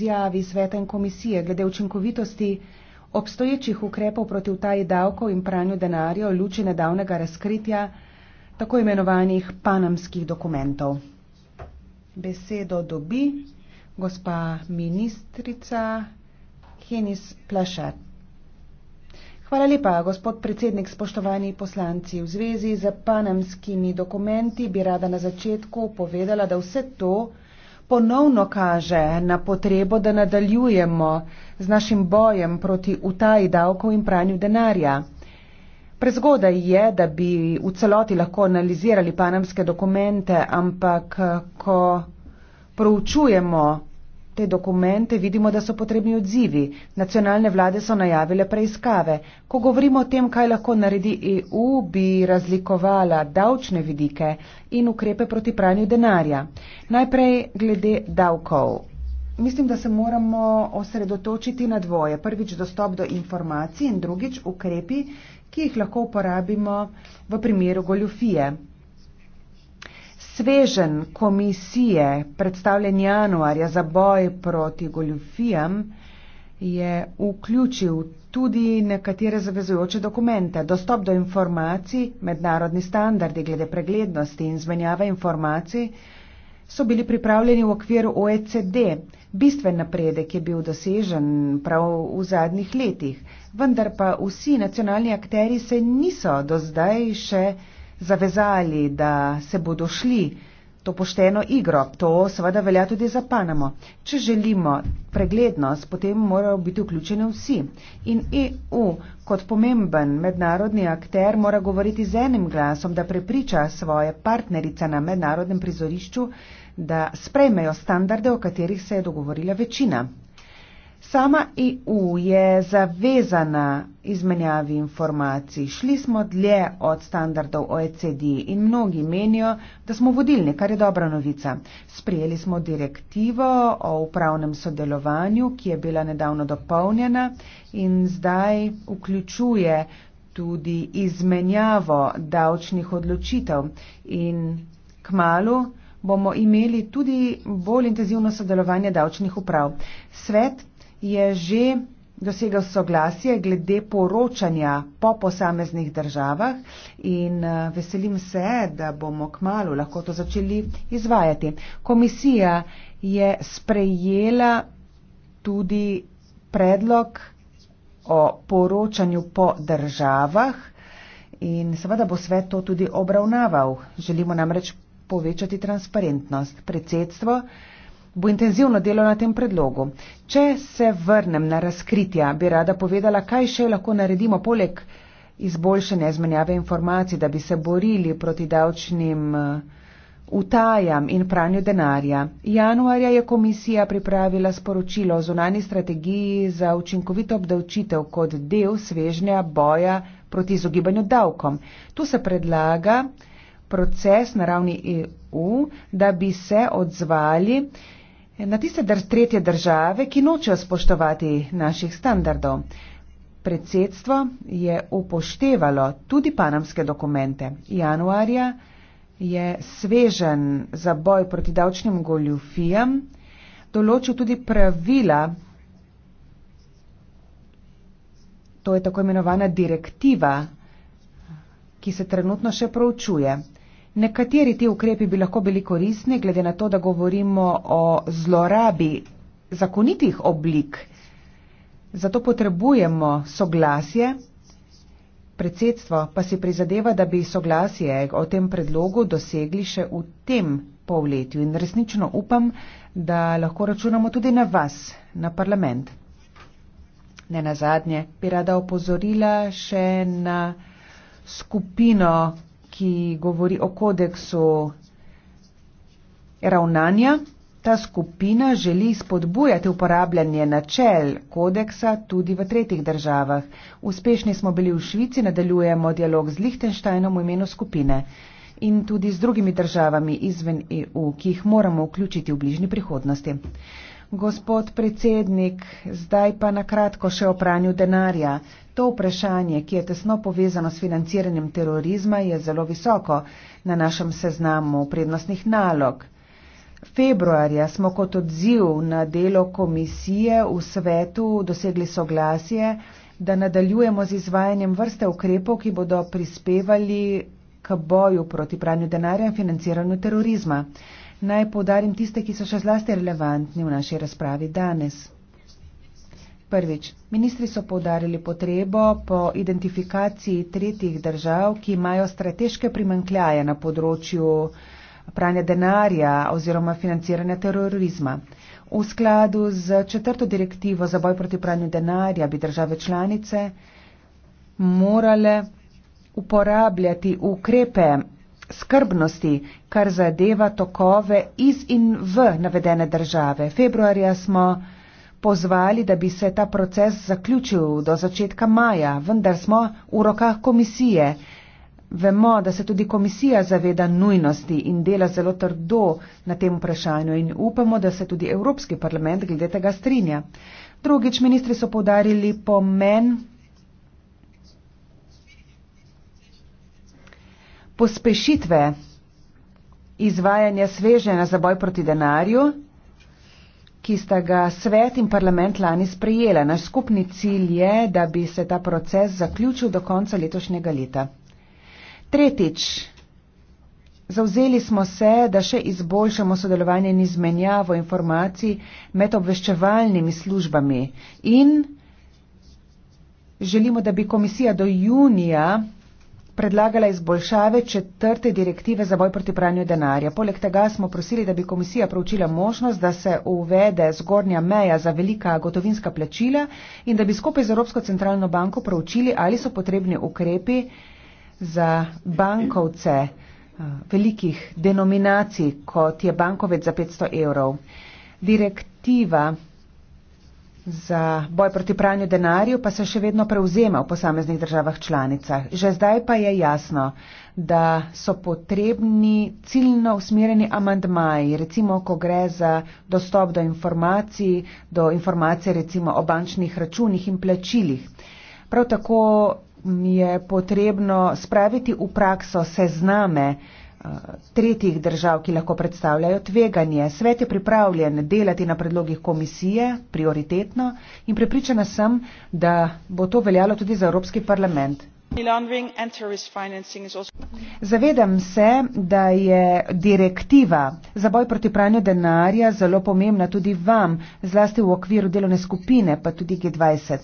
izjavi sveta in komisije glede učinkovitosti obstoječih ukrepov proti utaji davkov in pranju denarja v luči nedavnega razkritja tako imenovanih panamskih dokumentov. Besedo dobi gospa ministrica Henis Plašar. Hvala lepa, gospod predsednik, spoštovani poslanci. V zvezi z panamskimi dokumenti bi rada na začetku povedala, da vse to, ponovno kaže na potrebo, da nadaljujemo z našim bojem proti utaji davkov in pranju denarja. Prezgodaj je, da bi v celoti lahko analizirali panamske dokumente, ampak ko proučujemo te dokumente vidimo, da so potrebni odzivi. Nacionalne vlade so najavile preiskave. Ko govorimo o tem, kaj lahko naredi EU, bi razlikovala davčne vidike in ukrepe proti pranju denarja. Najprej glede davkov. Mislim, da se moramo osredotočiti na dvoje. Prvič dostop do informacij in drugič ukrepi, ki jih lahko uporabimo v primeru goljofije. Svežen komisije, predstavljen januarja za boj proti goljufijam, je vključil tudi nekatere zavezujoče dokumente. Dostop do informacij, mednarodni standardi glede preglednosti in zmenjave informacij so bili pripravljeni v okviru OECD. Bistven napredek je bil dosežen prav v zadnjih letih, vendar pa vsi nacionalni akteri se niso do zdaj še zavezali, da se bodo šli to pošteno igro. To seveda velja tudi za Panamo. Če želimo preglednost, potem morajo biti vključeni vsi. In EU kot pomemben mednarodni akter mora govoriti z enim glasom, da prepriča svoje partnerice na mednarodnem prizorišču, da sprejmejo standarde, o katerih se je dogovorila večina. Sama EU je zavezana izmenjavi informacij. Šli smo dlje od standardov OECD in mnogi menijo, da smo vodilni, kar je dobra novica. Sprijeli smo direktivo o upravnem sodelovanju, ki je bila nedavno dopolnjena in zdaj vključuje tudi izmenjavo davčnih odločitev in k malu bomo imeli tudi bolj intenzivno sodelovanje davčnih uprav. Svet je že dosegel soglasje glede poročanja po posameznih državah in eh, veselim se, da bomo k malu lahko to začeli izvajati. Komisija je sprejela tudi predlog o poročanju po državah in seveda bo svet to tudi obravnaval. Želimo namreč povečati transparentnost. Predsedstvo bo intenzivno delal na tem predlogu. Če se vrnem na razkritja, bi rada povedala, kaj še lahko naredimo poleg izboljšene zmenjave informacij, da bi se borili proti davčnim eh, utajam in pranju denarja. Januarja je komisija pripravila sporočilo o zunani strategiji za učinkovito obdavčitev kot del svežnja boja proti izogibanju davkom. Tu se predlaga proces na ravni EU, da bi se odzvali na tiste dr tretje države, ki nočejo spoštovati naših standardov. Predsedstvo je upoštevalo tudi panamske dokumente. Januarja je svežen za boj proti davčnim goljufijam določil tudi pravila, to je tako imenovana direktiva, ki se trenutno še proučuje. Nekateri ti ukrepi bi lahko bili korisni, glede na to, da govorimo o zlorabi zakonitih oblik. Zato potrebujemo soglasje. Predsedstvo pa si prizadeva, da bi soglasje o tem predlogu dosegli še v tem polletju. In resnično upam, da lahko računamo tudi na vas, na parlament. Ne na zadnje bi rada opozorila še na skupino ki govori o kodeksu ravnanja. Ta skupina želi spodbujati uporabljanje načel kodeksa tudi v tretjih državah. Uspešni smo bili v Švici, nadaljujemo dialog z Lihtenštajnom v imenu skupine in tudi z drugimi državami izven EU, ki jih moramo vključiti v bližnji prihodnosti. Gospod predsednik, zdaj pa na kratko še o pranju denarja. To vprašanje, ki je tesno povezano s financiranjem terorizma, je zelo visoko na našem seznamu prednostnih nalog. Februarja smo kot odziv na delo komisije v svetu dosegli soglasje, da nadaljujemo z izvajanjem vrste ukrepov, ki bodo prispevali k boju proti pranju denarja in financiranju terorizma. Naj podarim tiste, ki so še zlasti relevantni v naši razpravi danes. Prvič, ministri so podarili potrebo po identifikaciji tretjih držav, ki imajo strateške primankljaje na področju pranja denarja oziroma financiranja terorizma. V skladu z četrto direktivo za boj proti pranju denarja bi države članice morale uporabljati ukrepe skrbnosti, kar zadeva tokove iz in v navedene države. Februarja smo pozvali, da bi se ta proces zaključil do začetka maja, vendar smo v rokah komisije. Vemo, da se tudi komisija zaveda nujnosti in dela zelo trdo na tem vprašanju in upamo, da se tudi Evropski parlament glede tega strinja. Drugič, ministri so povdarili pomen pospešitve izvajanja sveženja za boj proti denarju, ki sta ga svet in parlament lani sprejela. Naš skupni cilj je, da bi se ta proces zaključil do konca letošnjega leta. Tretjič. Zavzeli smo se, da še izboljšamo sodelovanje in izmenjavo informacij med obveščevalnimi službami in želimo, da bi komisija do junija predlagala izboljšave četrte direktive za boj proti pranju denarja. Poleg tega smo prosili, da bi komisija proučila možnost, da se uvede zgornja meja za velika gotovinska plačila in da bi skupaj z Evropsko centralno banko proučili, ali so potrebni ukrepi za bankovce eh, velikih denominacij, kot je bankovec za 500 evrov. Direktiva Za boj proti pranju denarju pa se še vedno prevzema v posameznih državah članicah. Že zdaj pa je jasno, da so potrebni ciljno usmerjeni amandmaji, recimo, ko gre za dostop do informacij, do informacije recimo o bančnih računih in plačilih. Prav tako je potrebno spraviti v prakso sezname, Eh, tretjih držav, ki lahko predstavljajo tveganje. Svet je pripravljen delati na predlogih komisije prioritetno in prepričana sem, da bo to veljalo tudi za Evropski parlament. Zavedam se, da je direktiva za boj proti pranju denarja zelo pomembna tudi vam, zlasti v okviru delovne skupine, pa tudi G20.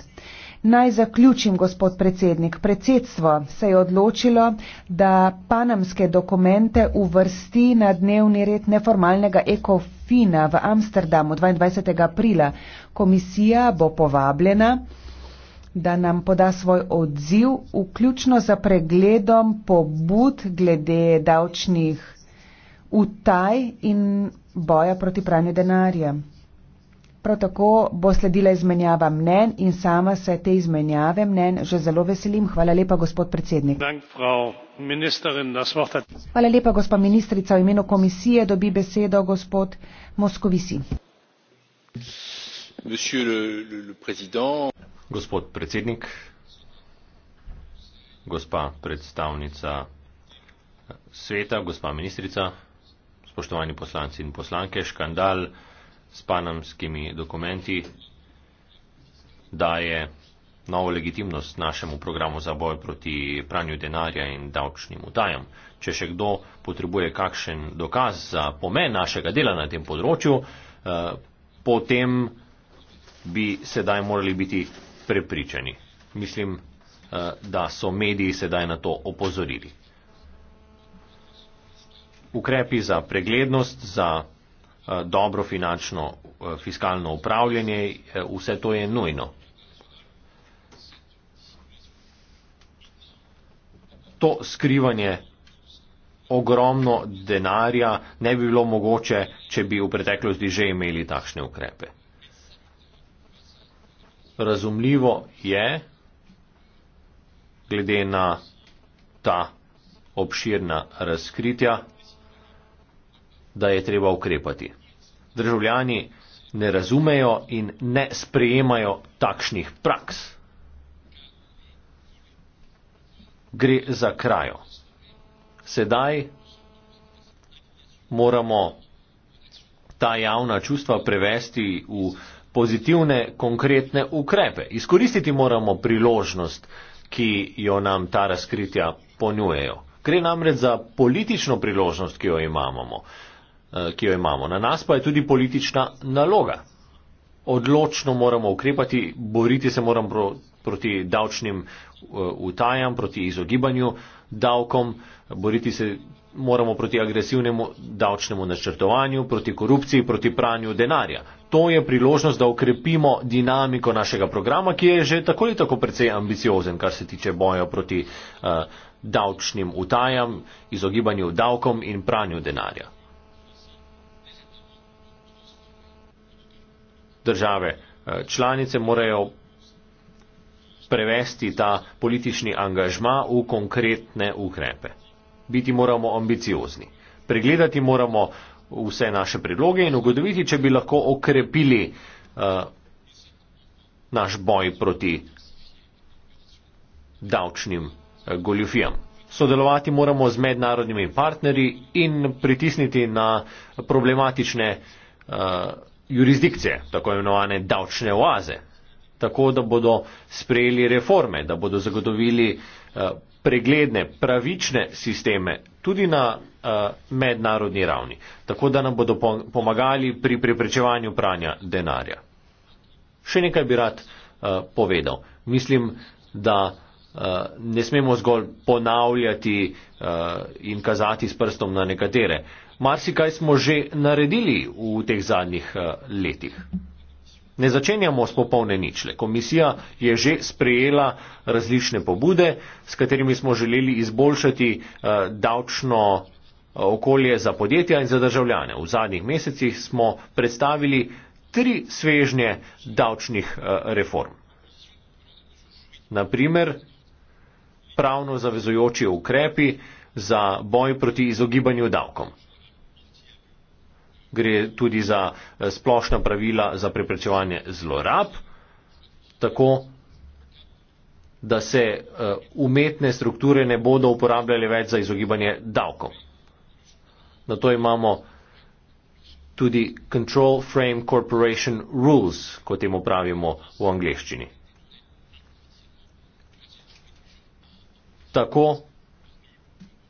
Naj zaključim, gospod predsednik. Predsedstvo se je odločilo, da panamske dokumente uvrsti na dnevni red neformalnega ekofina v Amsterdamu 22. aprila. Komisija bo povabljena, da nam poda svoj odziv, vključno za pregledom pobud glede davčnih utaj in boja proti pranju denarja. Prav tako bo sledila izmenjava mnen in sama se te izmenjave mnen že zelo veselim. Hvala lepa, gospod predsednik. Hvala lepa, gospa ministrica. V imenu komisije dobi besedo gospod Moskovisi. Gospod predsednik, gospa predstavnica sveta, gospa ministrica, spoštovani poslanci in poslanke, škandal s panamskimi dokumenti daje novo legitimnost našemu programu za boj proti pranju denarja in davčnim utajam. Če še kdo potrebuje kakšen dokaz za pomen našega dela na tem področju, eh, potem bi sedaj morali biti prepričani. Mislim, eh, da so mediji sedaj na to opozorili. Ukrepi za preglednost, za Eh, dobro finančno eh, fiskalno upravljanje, eh, vse to je nujno. To skrivanje ogromno denarja ne bi bilo mogoče, če bi v preteklosti že imeli takšne ukrepe. Razumljivo je, glede na ta obširna razkritja, da je treba ukrepati. Državljani ne razumejo in ne sprejemajo takšnih praks. Gre za krajo. Sedaj moramo ta javna čustva prevesti v pozitivne, konkretne ukrepe. Izkoristiti moramo priložnost, ki jo nam ta razkritja ponujejo. Gre namreč za politično priložnost, ki jo imamo. Eh, ki jo imamo. Na nas pa je tudi politična naloga. Odločno moramo ukrepati, boriti se moramo pro, proti davčnim eh, utajam, proti izogibanju davkom, boriti se moramo proti agresivnemu davčnemu načrtovanju, proti korupciji, proti pranju denarja. To je priložnost, da ukrepimo dinamiko našega programa, ki je že tako ali tako precej ambiciozen, kar se tiče boja proti uh, davčnim utajam, izogibanju davkom in pranju denarja. države eh, članice morajo prevesti ta politični angažma v konkretne ukrepe. Biti moramo ambiciozni. Pregledati moramo vse naše predloge in ugotoviti, če bi lahko okrepili uh, naš boj proti davčnim uh, goljufijam. Sodelovati moramo z mednarodnimi partnerji in pritisniti na problematične uh, jurisdikcije, tako imenovane davčne oaze, tako da bodo sprejeli reforme, da bodo zagotovili eh, pregledne, pravične sisteme tudi na eh, mednarodni ravni, tako da nam bodo pomagali pri preprečevanju pranja denarja. Še nekaj bi rad eh, povedal. Mislim, da ne smemo zgolj ponavljati in kazati s prstom na nekatere marsikaj smo že naredili v teh zadnjih eh, letih. Ne začenjamo s popolne ničle. Komisija je že sprejela različne pobude, s katerimi smo želeli izboljšati eh, davčno eh, okolje za podjetja in za državljane. V zadnjih mesecih smo predstavili tri svežnje davčnih reform. Naprimer, pravno zavezojoči ukrepi za boj proti izogibanju davkom gre tudi za eh, splošna pravila za preprečevanje zlorab, tako da se eh, umetne strukture ne bodo uporabljale več za izogibanje davkom. Na to imamo tudi Control Frame Corporation Rules, kot temu pravimo v angleščini. Tako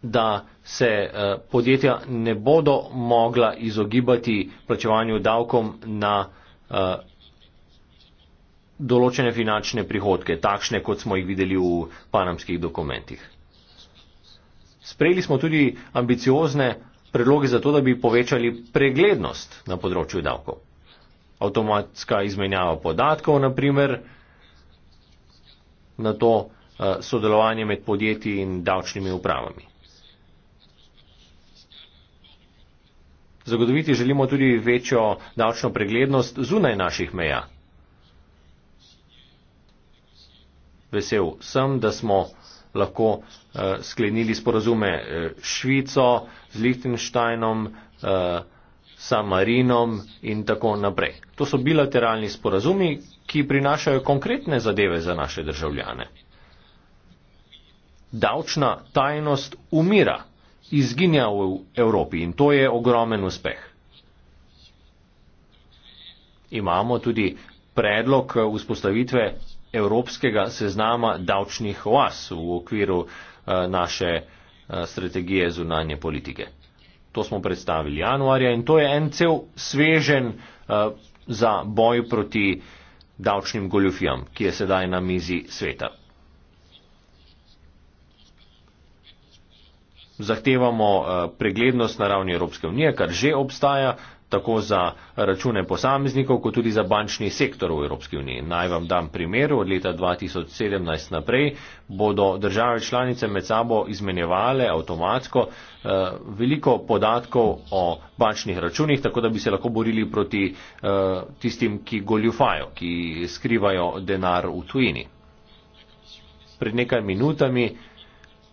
da se eh, podjetja ne bodo mogla izogibati plačevanju davkom na eh, določene finančne prihodke, takšne, kot smo jih videli v panamskih dokumentih. Sprejeli smo tudi ambiciozne predloge za to, da bi povečali preglednost na področju davkov. Avtomatska izmenjava podatkov, na primer, na to eh, sodelovanje med podjetji in davčnimi upravami. Zagotoviti želimo tudi večjo davčno preglednost zunaj naših meja. Vesel sem, da smo lahko uh, sklenili sporazume eh, s Švico, z Liechtensteinom, uh, eh, San Marinom in tako naprej. To so bilateralni sporazumi, ki prinašajo konkretne zadeve za naše državljane. Davčna tajnost umira izginja v Evropi in to je ogromen uspeh. Imamo tudi predlog eh, vzpostavitve evropskega seznama davčnih oas v okviru eh, naše eh, strategije zunanje politike. To smo predstavili januarja in to je en cel svežen za boj proti davčnim goljufijam, ki je sedaj na mizi sveta. zahtevamo eh, preglednost na ravni Evropske unije, kar že obstaja tako za račune posameznikov, kot tudi za bančni sektor v Evropski uniji. Naj vam dam primer, od leta 2017 naprej bodo države članice med sabo izmenjevale avtomatsko eh, veliko podatkov o bančnih računih, tako da bi se lahko borili proti eh, tistim, ki goljufajo, ki skrivajo denar v tujini. Pred nekaj minutami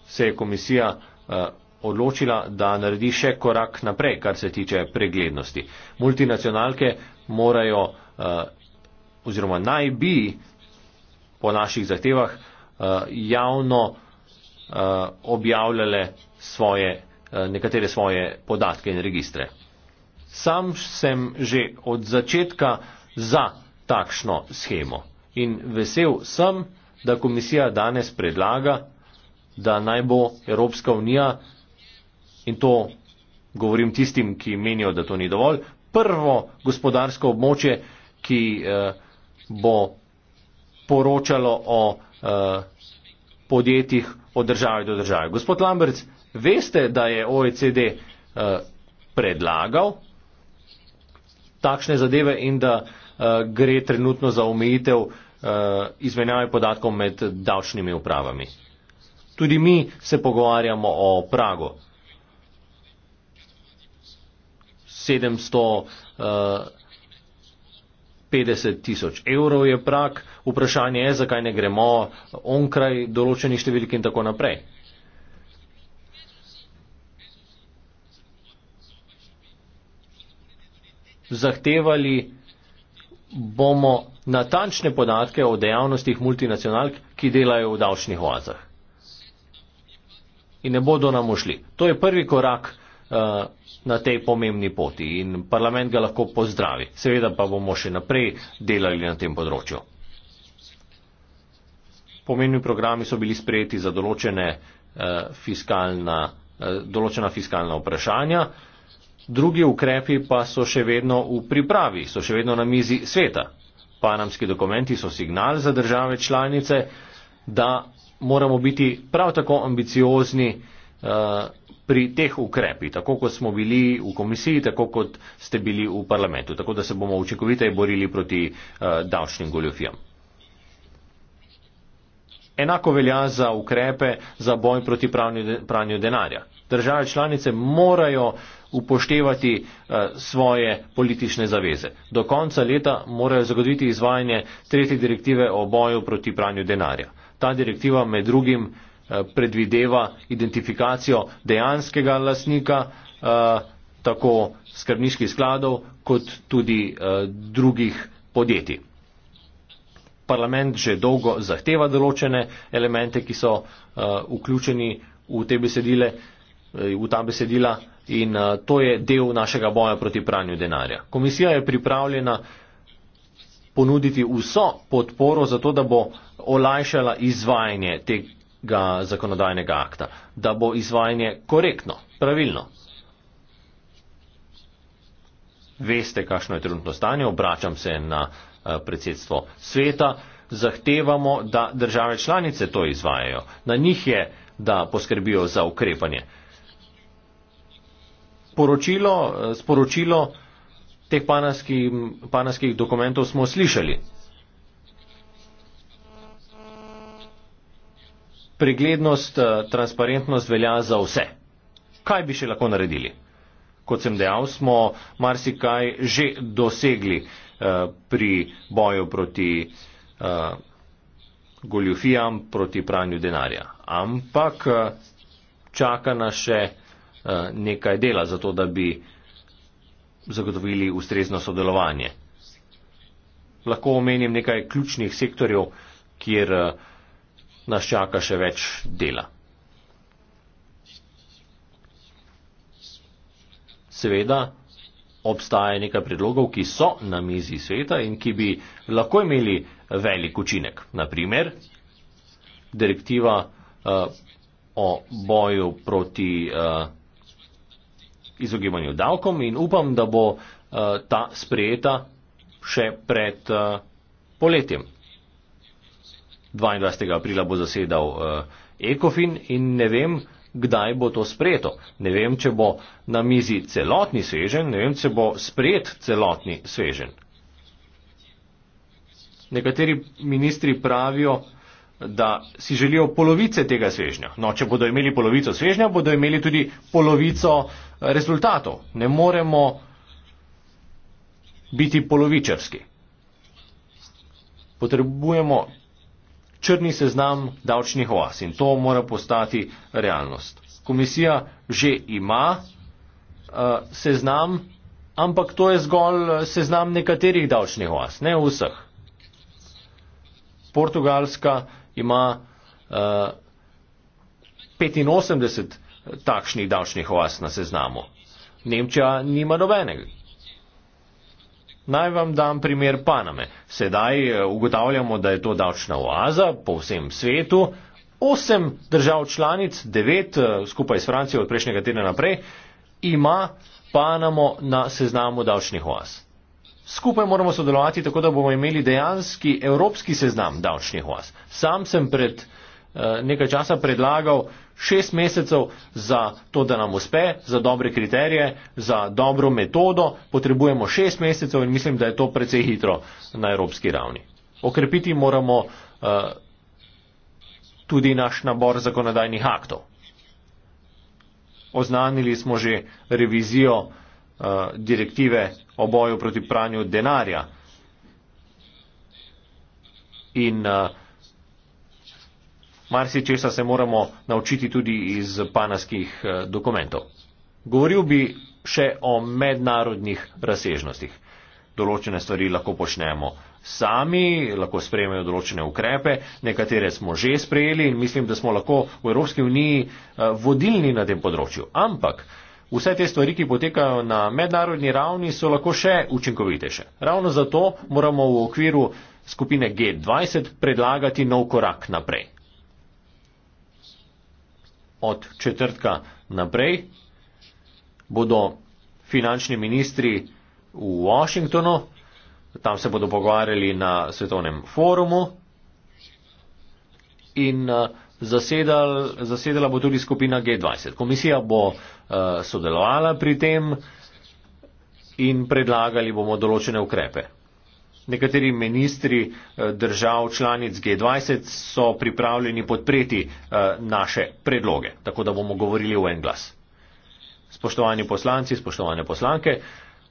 se je komisija Eh, odločila, da naredi še korak naprej, kar se tiče preglednosti. Multinacionalke morajo eh, oziroma naj bi po naših zahtevah eh, javno objavljale svoje, nekatere svoje podatke in registre. Sam sem že od začetka za takšno schemo in vesel sem, da komisija danes predlaga da naj bo Evropska unija in to govorim tistim, ki menijo, da to ni dovolj, prvo gospodarsko območje, ki eh, bo poročalo o eh, podjetjih od države do države. Gospod Lamberts, veste, da je OECD eh, predlagal takšne zadeve in da gre trenutno za omejitev izmenjave podatkov med davčnimi upravami. Tudi mi se pogovarjamo o Pragu. 750 eh, tisoč evrov je prak, vprašanje je, zakaj ne gremo onkraj določenih številk in tako naprej. Zahtevali bomo natančne podatke o dejavnostih multinacionalk, ki delajo v davčnih oazah in ne bodo nam ošli. To je prvi korak eh, na tej pomembni poti in parlament ga lahko pozdravi. Seveda pa bomo še naprej delali na tem področju. Pomembni programi so bili sprejeti za določene, eh, fiskalna, eh, določena fiskalna vprašanja, drugi ukrepi pa so še vedno v pripravi, so še vedno na mizi sveta. Panamski dokumenti so signal za države članice, da moramo biti prav tako ambiciozni uh, pri teh ukrepih, tako kot smo bili v komisiji, tako kot ste bili v parlamentu, tako da se bomo učinkovite borili proti uh, davčnim goljofijam. Enako velja za ukrepe za boj proti pranju denarja. Države članice morajo upoštevati uh, svoje politične zaveze. Do konca leta morajo zagotoviti izvajanje tretje direktive o boju proti pranju denarja. Uh, ta direktiva med drugim eh, predvideva identifikacijo dejanskega lastnika eh, tako skrbniških skladov kot tudi eh, drugih podjetij. Parlament že dolgo zahteva določene elemente, ki so vključeni v te besedile, v ta besedila in to je del našega boja proti pranju denarja. Komisija je pripravljena ponuditi vso podporo za to, da bo olajšala izvajanje tega zakonodajnega akta, da bo izvajanje korektno, pravilno. Veste, kakšno je trenutno stanje, obračam se na eh, predsedstvo sveta, zahtevamo, da države članice to izvajajo. Na njih je, da poskrbijo za ukrepanje. Poročilo, eh, sporočilo teh panarski, panarskih dokumentov smo slišali. Preglednost, eh, transparentnost velja za vse. Kaj bi še lahko naredili? Kot sem dejal, smo marsikaj že dosegli eh, pri boju proti eh, goljufijam, proti pranju denarja. Ampak eh, čaka nas še eh, nekaj dela za to, da bi eh, zagotovili ustrezno sodelovanje. Lahko omenim nekaj ključnih sektorjev, kjer eh, nas čaka še več dela. Seveda obstaja nekaj predlogov, ki so na mizi sveta in ki bi lahko imeli velik učinek. Naprimer, direktiva uh, o boju proti uh, izogibanju davkom in upam, da bo eh, ta sprejeta še pred eh, poletjem. 22. aprila bo zasedal eh, Ekofin in ne vem, kdaj bo to sprejeto. Ne vem, če bo na mizi celotni svežen, ne vem, če bo sprejet celotni svežen. Nekateri ministri pravijo, da si želijo polovice tega svežnja. No, če bodo imeli polovico svežnja, bodo imeli tudi polovico eh, rezultatov. Ne moremo biti polovičarski. Potrebujemo črni seznam davčnih oas in to mora postati realnost. Komisija že ima uh, seznam, ampak to je zgolj eh, seznam nekaterih davčnih oas, ne vseh. Portugalska uh, ima uh, eh, 85 takšnih davčnih oas na seznamu. Nemčija nima nobenega. Naj vam dam primer Paname. Sedaj eh, ugotavljamo, da je to davčna oaza po vsem svetu. Osem držav članic, devet eh, skupaj s Francijo od prejšnjega tedna naprej, ima Panamo na seznamu davčnih oas. Skupaj moramo sodelovati, tako da bomo imeli dejanski evropski seznam davčnih oaz. Sam sem pred eh, nekaj časa predlagal šest mesecev za to, da nam uspe, za dobre kriterije, za dobro metodo. Potrebujemo šest mesecev in mislim, da je to precej hitro na evropski ravni. Okrepiti moramo uh, tudi naš nabor zakonodajnih aktov. Oznanili smo že revizijo uh, direktive o boju proti pranju denarja. In uh, marsi česa se moramo naučiti tudi iz panaskih uh, dokumentov. Govoril bi še o mednarodnih razsežnostih. Določene stvari lahko počnemo sami, lahko sprejmejo določene ukrepe, nekatere smo že sprejeli in mislim, da smo lahko v Evropski uniji uh, vodilni na tem področju. Ampak uh, Vse te stvari, ki potekajo na mednarodni ravni, so lahko še učinkovitejše. Ravno zato moramo v okviru skupine G20 predlagati nov korak naprej. Od četrtka naprej bodo finančni ministri v Washingtonu, tam se bodo pogovarjali na svetovnem forumu in uh, zasedal, zasedala bo tudi skupina G20. Komisija bo uh, sodelovala pri tem in predlagali bomo določene ukrepe. Nekateri ministri eh, držav članic G20 so pripravljeni podpreti eh, naše predloge, tako da bomo govorili v en glas. Spoštovani poslanci, spoštovane poslanke,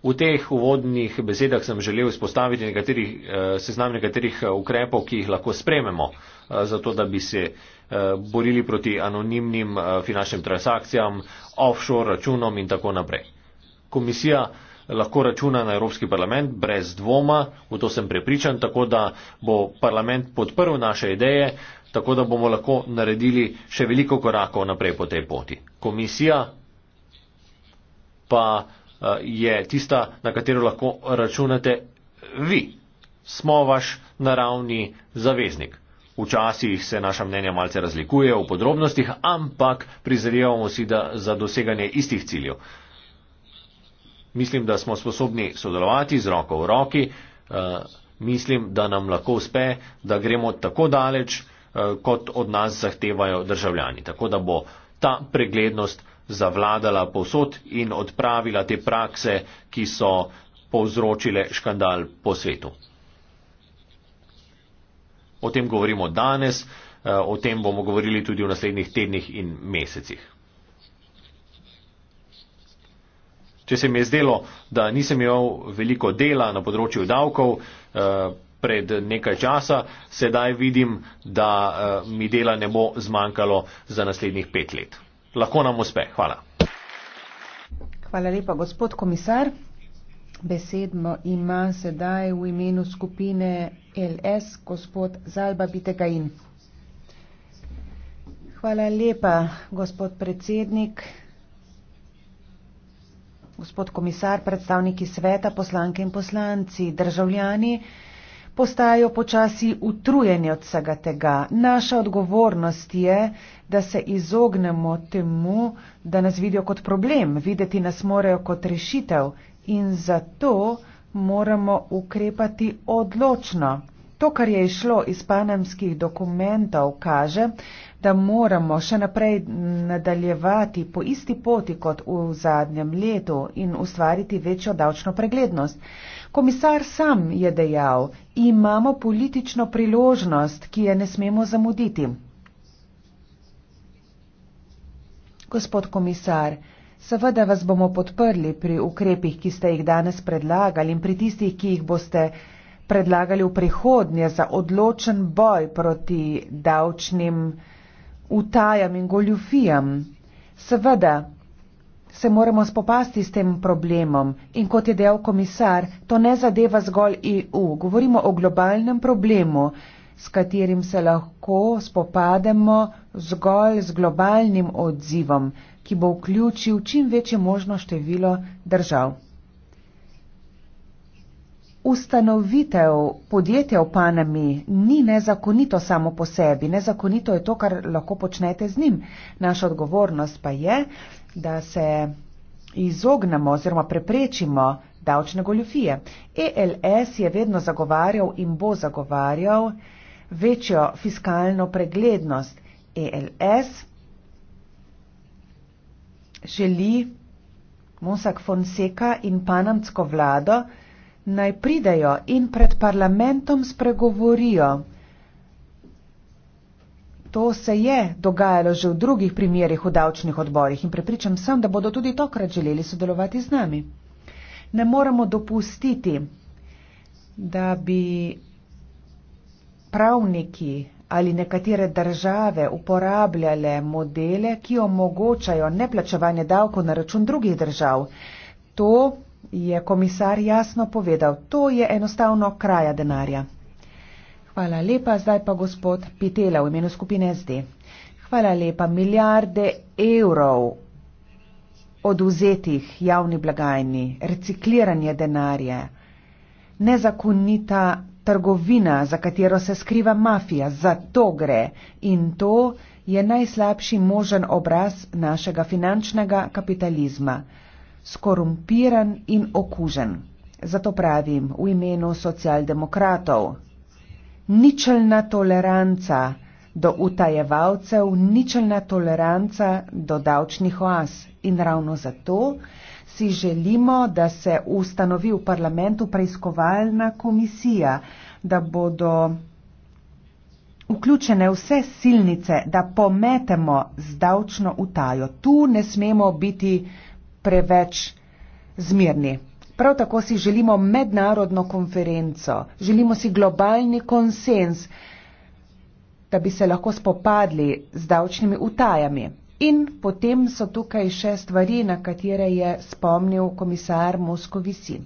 V teh uvodnih besedah sem želel izpostaviti nekaterih, eh, seznam nekaterih eh, ukrepov, ki jih lahko sprememo, eh, zato da bi se borili proti anonimnim finančnim transakcijam, offshore računom in tako naprej. Komisija lahko računa na Evropski parlament brez dvoma, v to sem prepričan, tako da bo parlament podprl naše ideje, tako da bomo lahko naredili še veliko korakov naprej po tej poti. Komisija pa Eh, je tista, na katero lahko računate vi. Smo vaš naravni zaveznik. Včasih se naša mnenja malce razlikuje v podrobnostih, ampak prizadevamo si da, za doseganje istih ciljev. Mislim, da smo sposobni sodelovati z roko v roki. Uh, mislim, da nam lahko uspe, da gremo tako daleč, uh, kot od nas zahtevajo državljani. Tako da bo ta preglednost zavladala posod in odpravila te prakse, ki so povzročile škandal po svetu. O tem govorimo danes, eh, o tem bomo govorili tudi v naslednjih tednih in mesecih. Če se mi je zdelo, da nisem imel veliko dela na področju davkov eh, pred nekaj časa, sedaj vidim, da eh, mi dela ne bo zmanjkalo za naslednjih pet let lahko nam uspe. Hvala. Hvala lepa, gospod komisar. Besedno ima sedaj v imenu skupine LS gospod Zalba Bitegain. Hvala lepa, gospod predsednik, gospod komisar, predstavniki sveta, poslanke in poslanci, državljani postajajo počasi utrujeni od vsega tega. Naša odgovornost je, da se izognemo temu, da nas vidijo kot problem, videti nas morajo kot rešitev in zato moramo ukrepati odločno. To, kar je išlo iz panamskih dokumentov, kaže, da moramo še naprej nadaljevati po isti poti kot v zadnjem letu in ustvariti večjo davčno preglednost. Komisar sam je dejal, imamo politično priložnost, ki je ne smemo zamuditi. Gospod komisar, seveda vas bomo podprli pri ukrepih, ki ste jih danes predlagali in pri tistih, ki jih boste predlagali v prihodnje za odločen boj proti davčnim utajam in goljufijam. Seveda, se moramo spopasti s tem problemom in kot je dejal komisar, to ne zadeva zgolj EU, govorimo o globalnem problemu, s katerim se lahko spopademo zgolj z globalnim odzivom, ki bo vključil čim večje možno število držav. Ustanovitev podjetja v Panami ni nezakonito samo po sebi, nezakonito je to, kar lahko počnete z njim. Naša odgovornost pa je, da se izognemo oziroma preprečimo davčne goljofije. ELS je vedno zagovarjal in bo zagovarjal večjo fiskalno preglednost. ELS želi Mosak Fonseca in panamsko vlado naj pridajo in pred parlamentom spregovorijo. To se je dogajalo že v drugih primerjih v davčnih odborih in prepričam sem, da bodo tudi tokrat želeli sodelovati z nami. Ne moremo dopustiti, da bi pravniki ali nekatere države uporabljale modele, ki omogočajo neplačevanje davkov na račun drugih držav. To je komisar jasno povedal. To je enostavno kraja denarja. Hvala lepa. Zdaj pa gospod Pitela v imenu skupine SD. Hvala lepa. Milijarde evrov oduzetih javni blagajni, recikliranje denarja, nezakonita trgovina, za katero se skriva mafija, za to gre in to je najslabši možen obraz našega finančnega kapitalizma, skorumpiran in okužen. Zato pravim v imenu socialdemokratov, ničelna toleranca do utajevalcev, ničelna toleranca do davčnih oas. In ravno zato si želimo, da se ustanovi v parlamentu preiskovalna komisija, da bodo vključene vse silnice, da pometemo z davčno utajo. Tu ne smemo biti preveč zmirni. Prav tako si želimo mednarodno konferenco, želimo si globalni konsens, da bi se lahko spopadli z davčnimi utajami. In potem so tukaj še stvari, na katere je spomnil komisar Moskovici.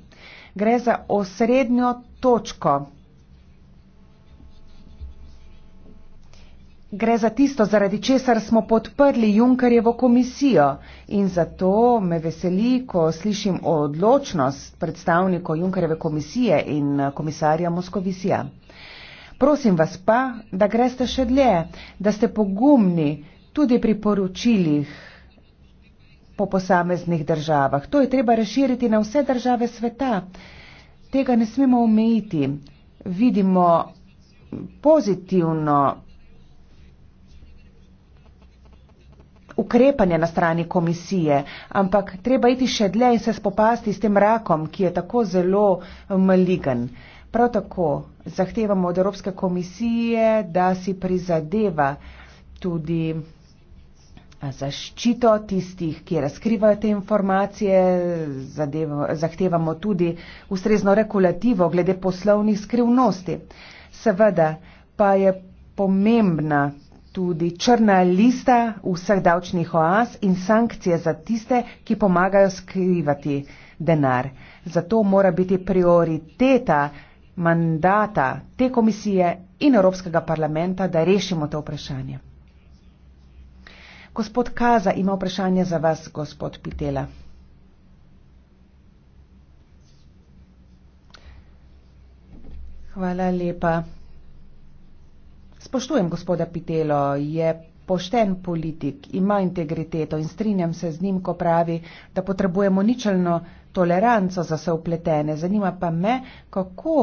Gre za osrednjo točko Gre za tisto, zaradi česar smo podprli Junkarjevo komisijo in zato me veseli, ko slišim odločnost predstavnikov Junkarjeve komisije in eh, komisarja Moskovisija. Prosim vas pa, da greste še dlje, da ste pogumni tudi pri poročilih po posameznih državah. To je treba razširiti na vse države sveta. Tega ne smemo omejiti. Vidimo pozitivno ukrepanje na strani komisije, ampak treba iti še dlje in se spopasti s tem rakom, ki je tako zelo eh, maligen. Prav tako zahtevamo od Evropske komisije, da si prizadeva tudi eh, zaščito tistih, ki razkrivajo te informacije, Zadevo, zahtevamo tudi ustrezno regulativo glede poslovnih skrivnosti. Seveda pa je pomembna tudi črna lista vseh davčnih oaz in sankcije za tiste, ki pomagajo skrivati denar. Zato mora biti prioriteta mandata te komisije in Evropskega parlamenta, da rešimo to vprašanje. Gospod Kaza ima vprašanje za vas, gospod Pitela. Hvala lepa. Spoštujem gospoda Pitelo, je pošten politik, ima integriteto in strinjam se z njim, ko pravi, da potrebujemo ničelno toleranco za vse upletene. Zanima pa me, kako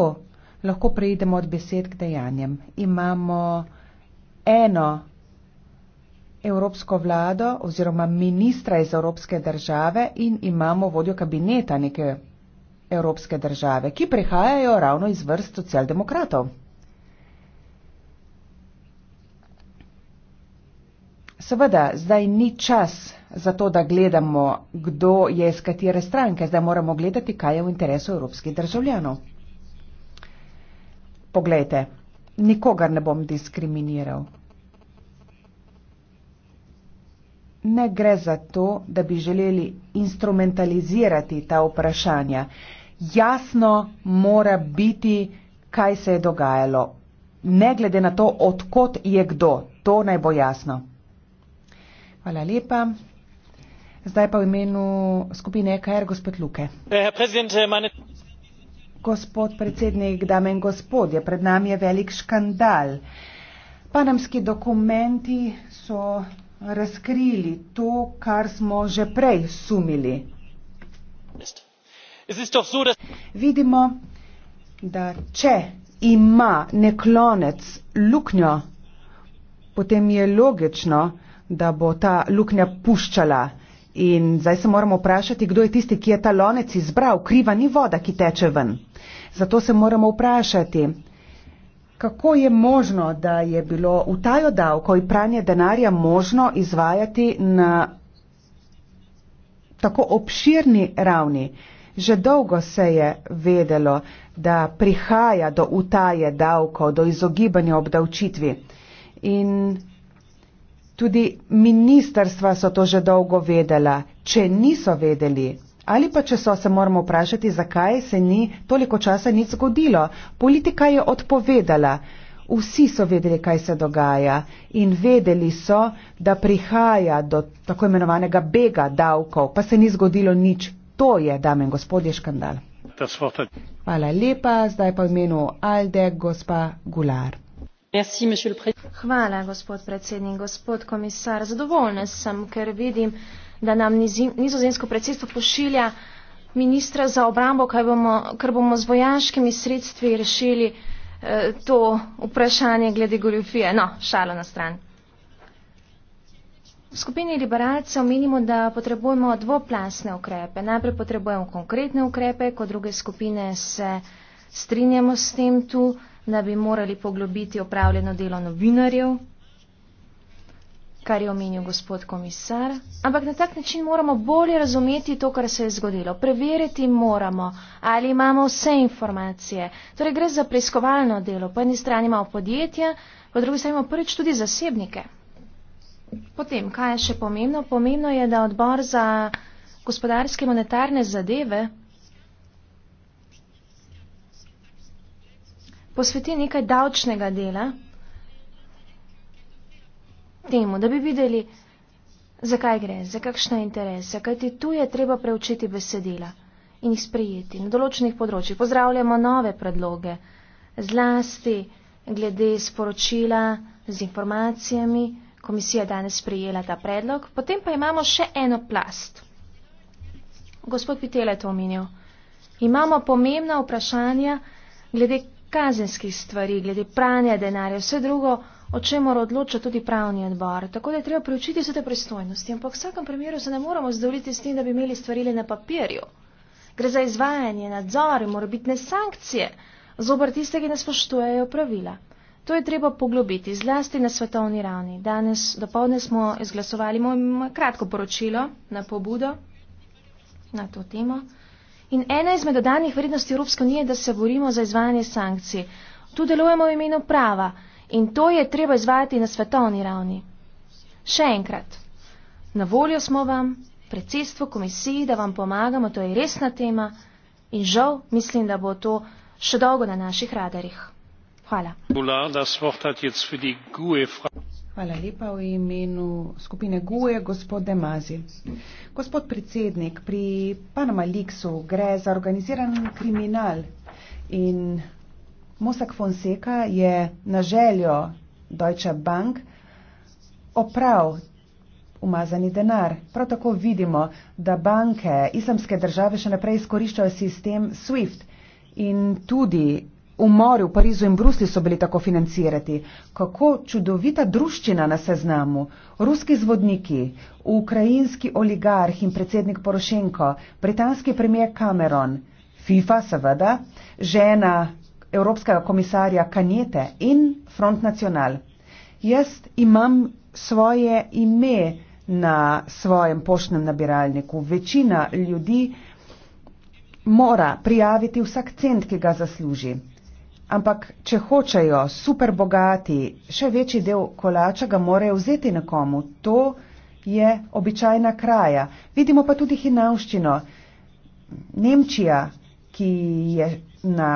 lahko preidemo od besed k dejanjem. Imamo eno evropsko vlado oziroma ministra iz evropske države in imamo vodjo kabineta neke evropske države, ki prihajajo ravno iz vrst socialdemokratov. Seveda, zdaj ni čas za to, da gledamo, kdo je iz katere stranke. Zdaj moramo gledati, kaj je v interesu evropskih državljanov. Poglejte, nikogar ne bom diskriminiral. Ne gre za to, da bi želeli instrumentalizirati ta vprašanja. Jasno mora biti, kaj se je dogajalo. Ne glede na to, odkot je kdo. To naj bo jasno. Hvala lepa. Zdaj pa v imenu skupine EKR gospod Luke. Eh, eh, gospod predsednik, dame in gospodje, pred nami je velik škandal. Panamski dokumenti so razkrili to, kar smo že prej sumili. Vidimo, da če ima neklonec luknjo, potem je logično, da bo ta luknja puščala. In zdaj se moramo vprašati, kdo je tisti, ki je ta lonec izbral. Kriva ni voda, ki teče ven. Zato se moramo vprašati, kako je možno, da je bilo utajo davkov in pranje denarja možno izvajati na tako obširni ravni. Že dolgo se je vedelo, da prihaja do utaje davkov, do izogibanja obdavčitvi. In Tudi ministrstva so to že dolgo vedela, če niso vedeli. Ali pa če so, se moramo vprašati, zakaj se ni toliko časa nič zgodilo. Politika je odpovedala. Vsi so vedeli, kaj se dogaja in vedeli so, da prihaja do tako imenovanega bega davkov, pa se ni zgodilo nič. To je, dame in gospodje, škandal. Hvala lepa, zdaj pa v imenu Alde, gospa Gular. Hvala, gospod predsednik. Gospod komisar, zadovoljna sem, ker vidim, da nam nizozemsko predsedstvo pošilja ministra za obrambo, bomo, ker bomo z vojaškimi sredstvi rešili eh, to vprašanje glede goljofije. No, šalo na stran. V skupini liberalcev menimo, da potrebujemo dvoplasne ukrepe. Najprej potrebujemo konkretne ukrepe, kot druge skupine se strinjamo s tem tu da bi morali poglobiti opravljeno delo novinarjev, kar je omenil gospod komisar, ampak na tak način moramo bolje razumeti to, kar se je zgodilo. Preveriti moramo, ali imamo vse informacije. Torej gre za preiskovalno delo. Po eni strani imamo podjetja, po drugi strani imamo prvič tudi zasebnike. Potem, kaj je še pomembno? Pomembno je, da odbor za gospodarske monetarne zadeve posveti nekaj davčnega dela temu, da bi videli, zakaj gre, za kakšne interese, kajti tu je treba preučiti besedila in jih sprejeti na določenih področjih. Pozdravljamo nove predloge, zlasti glede sporočila z informacijami. Komisija je danes sprejela ta predlog. Potem pa imamo še eno plast. Gospod Pitele je to omenil. Imamo pomembna vprašanja glede kazenskih stvari, glede pranja denarja, vse drugo, o čemer odloča tudi pravni odbor. Tako da je treba preučiti vse te pristojnosti. Ampak v vsakem primeru se ne moramo zadovoljiti s tem, da bi imeli stvari na papirju. Gre za izvajanje, nadzor in mora biti ne sankcije zobr tiste, ki ne spoštujejo pravila. To je treba poglobiti, zlasti na svetovni ravni. Danes do povdne smo izglasovali moj kratko poročilo na pobudo na to temo. In ena izmed dodanih vrednosti Evropske unije je, da se borimo za izvajanje sankcij. Tu delujemo v imenu prava in to je treba izvajati na svetovni ravni. Še enkrat, na voljo smo vam, predsedstvo komisiji, da vam pomagamo, to je resna tema in žal mislim, da bo to še dolgo na naših radarjih. Hvala. Hvala lepa v imenu skupine GUE, gospod Demazi. Gospod predsednik, pri Panama Leaksu gre za organiziran kriminal in Mosak Fonseca je na željo Deutsche Bank oprav umazani denar. Prav tako vidimo, da banke islamske države še naprej izkoriščajo sistem SWIFT in tudi Umori v Parizu in Bruslju so bili tako financirati. Kako čudovita druščina na seznamu. Ruski zvodniki, ukrajinski oligarh in predsednik Porošenko, britanski premijer Cameron, FIFA seveda, žena evropskega komisarja Kanjete in Front National. Jaz imam svoje ime na svojem poštnem nabiralniku. Večina ljudi mora prijaviti vsak cent, ki ga zasluži. Ampak, če hočejo super bogati, še večji del kolača ga morajo vzeti nekomu. To je običajna kraja. Vidimo pa tudi hinavščino. Nemčija, ki je na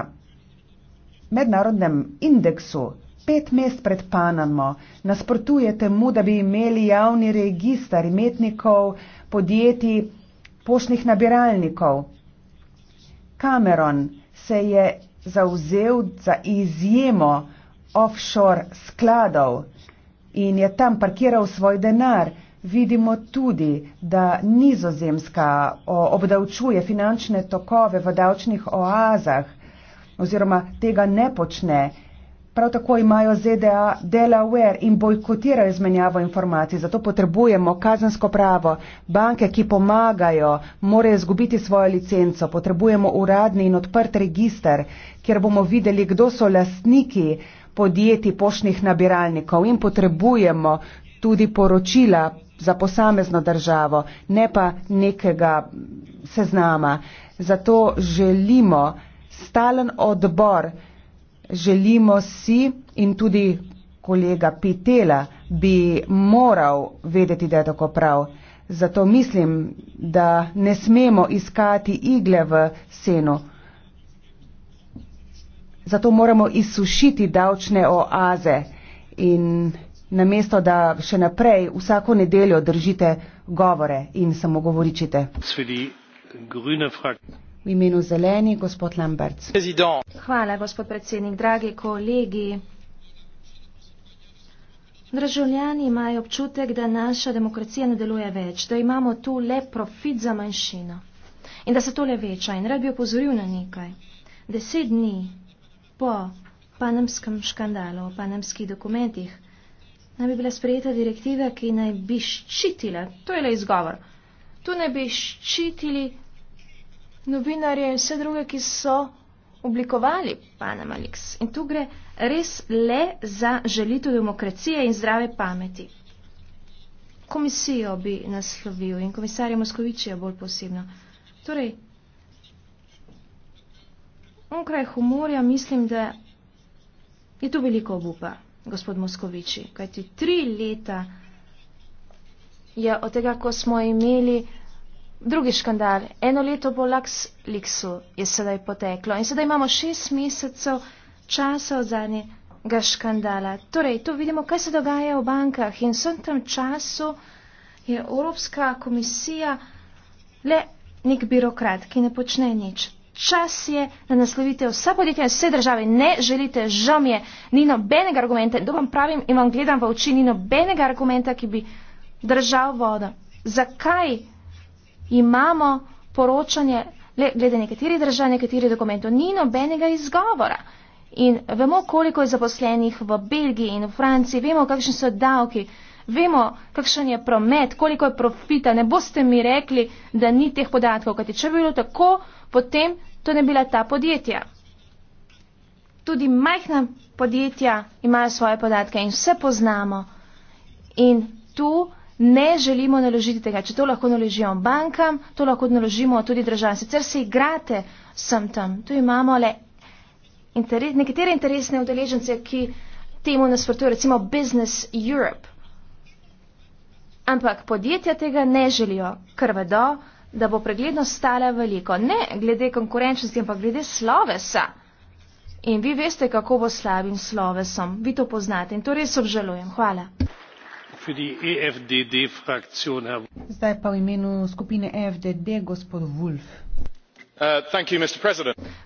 mednarodnem indeksu pet mest pred Panamo, nasprotuje temu, da bi imeli javni registar imetnikov podjetij poštnih nabiralnikov. Cameron se je zauzel za izjemo offshore skladov in je tam parkiral svoj denar. Vidimo tudi, da nizozemska obdavčuje finančne tokove v davčnih oazah oziroma tega ne počne. Prav tako imajo ZDA Delaware in bojkotirajo izmenjavo informacij, zato potrebujemo kazensko pravo. Banke, ki pomagajo, morejo izgubiti svojo licenco. Potrebujemo uradni in odprt register, kjer bomo videli, kdo so lastniki podjetij poštnih nabiralnikov in potrebujemo tudi poročila za posamezno državo, ne pa nekega seznama. Zato želimo stalen odbor, Želimo si in tudi kolega Pitela bi moral vedeti, da je tako prav. Zato mislim, da ne smemo iskati igle v senu. Zato moramo izsušiti davčne oaze in namesto, da še naprej vsako nedeljo držite govore in samo govoričite. V imenu zeleni gospod Lambert. Hvala, gospod predsednik, dragi kolegi. Državljani imajo občutek, da naša demokracija ne deluje več, da imamo tu le profit za manjšino in da se to le veča. In rad bi opozoril na nekaj. Deset dni po panemskem škandalu, o panemskih dokumentih, naj bi bila sprejeta direktiva, ki naj bi ščitila, to je le izgovor, tu naj bi ščitili novinarje in vse druge, ki so oblikovali Panama Leaks. In tu gre res le za želitev demokracije in zdrave pameti. Komisijo bi naslovil in komisarja Moskoviče bolj posebno. Torej, onkraj humorja mislim, da je to veliko obupa, gospod Moskoviči, kajti tri leta je od tega, ko smo imeli Drugi škandal. Eno leto po LuxLeaksu je sedaj poteklo in sedaj imamo šest mesecev časa od zadnjega škandala. Torej, tu vidimo, kaj se dogaja v bankah in v vsem tem času je Evropska komisija le nek birokrat, ki ne počne nič. Čas je, da naslovite vsa podjetja in vse države. Ne želite, žal mi je, ni nobenega argumenta. To vam pravim in vam gledam v oči, ni nobenega argumenta, ki bi držal vodo. Zakaj? imamo poročanje glede nekaterih držav, nekaterih dokumentov. Ni nobenega izgovora. In vemo, koliko je zaposlenih v Belgiji in v Franciji, vemo, kakšni so davki, vemo, kakšen je promet, koliko je profita. Ne boste mi rekli, da ni teh podatkov, kajti če bi bilo tako, potem to ne bi bila ta podjetja. Tudi majhna podjetja imajo svoje podatke in vse poznamo. In tu ne želimo naložiti tega. Če to lahko naložimo bankam, to lahko naložimo tudi državam. Sicer se igrate sem tam. Tu imamo le interes, nekatere interesne udeležence, ki temu nasprotujejo, recimo Business Europe. Ampak podjetja tega ne želijo, ker vedo, da bo preglednost stala veliko. Ne glede konkurenčnosti, ampak glede slovesa. In vi veste, kako bo slabim slovesom. Vi to poznate in to res obžalujem. Hvala. E e uh,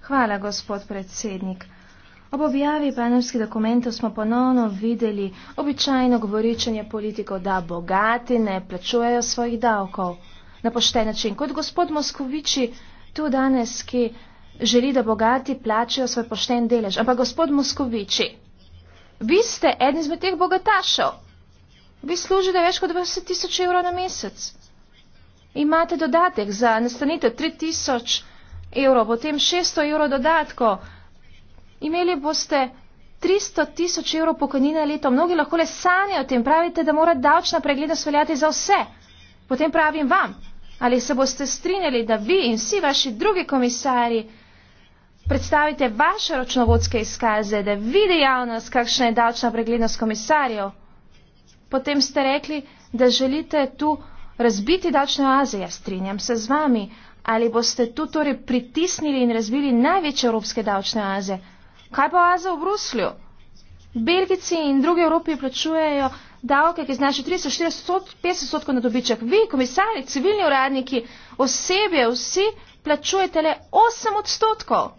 hvala gospod predsednik ob objavi panamskih dokumentov smo ponovno videli običajno govoričenje politikov da bogati ne plačujejo svojih davkov na pošten način kot gospod moskoviči tu danes ki želi da bogati plačajo svoj pošten delež ampak gospod moskoviči vi ste eden izmed teh bogatašev Vi služite več kot 20 tisoč evrov na mesec. Imate dodatek za nastanitev 3 tisoč evrov, potem 600 evrov dodatko. Imeli boste 300 tisoč evrov pokojnine leto. Mnogi lahko le sanjajo o tem. Pravite, da mora davčna preglednost veljati za vse. Potem pravim vam, ali se boste strinjali, da vi in vsi vaši drugi komisari predstavite vaše računovodske izkaze, da vidi javnost, kakšna je davčna preglednost komisarjev. Potem ste rekli, da želite tu razbiti davčno oazo. Jaz strinjam se z vami. Ali boste tu torej pritisnili in razvili največje evropske davčne oaze? Kaj pa oaza v Bruslju? Belgici in druge Evropi plačujejo davke, ki znašajo 340-500 odstotkov na dobiček. Vi, komisari, civilni uradniki, osebje, vsi plačujete le 8 odstotkov.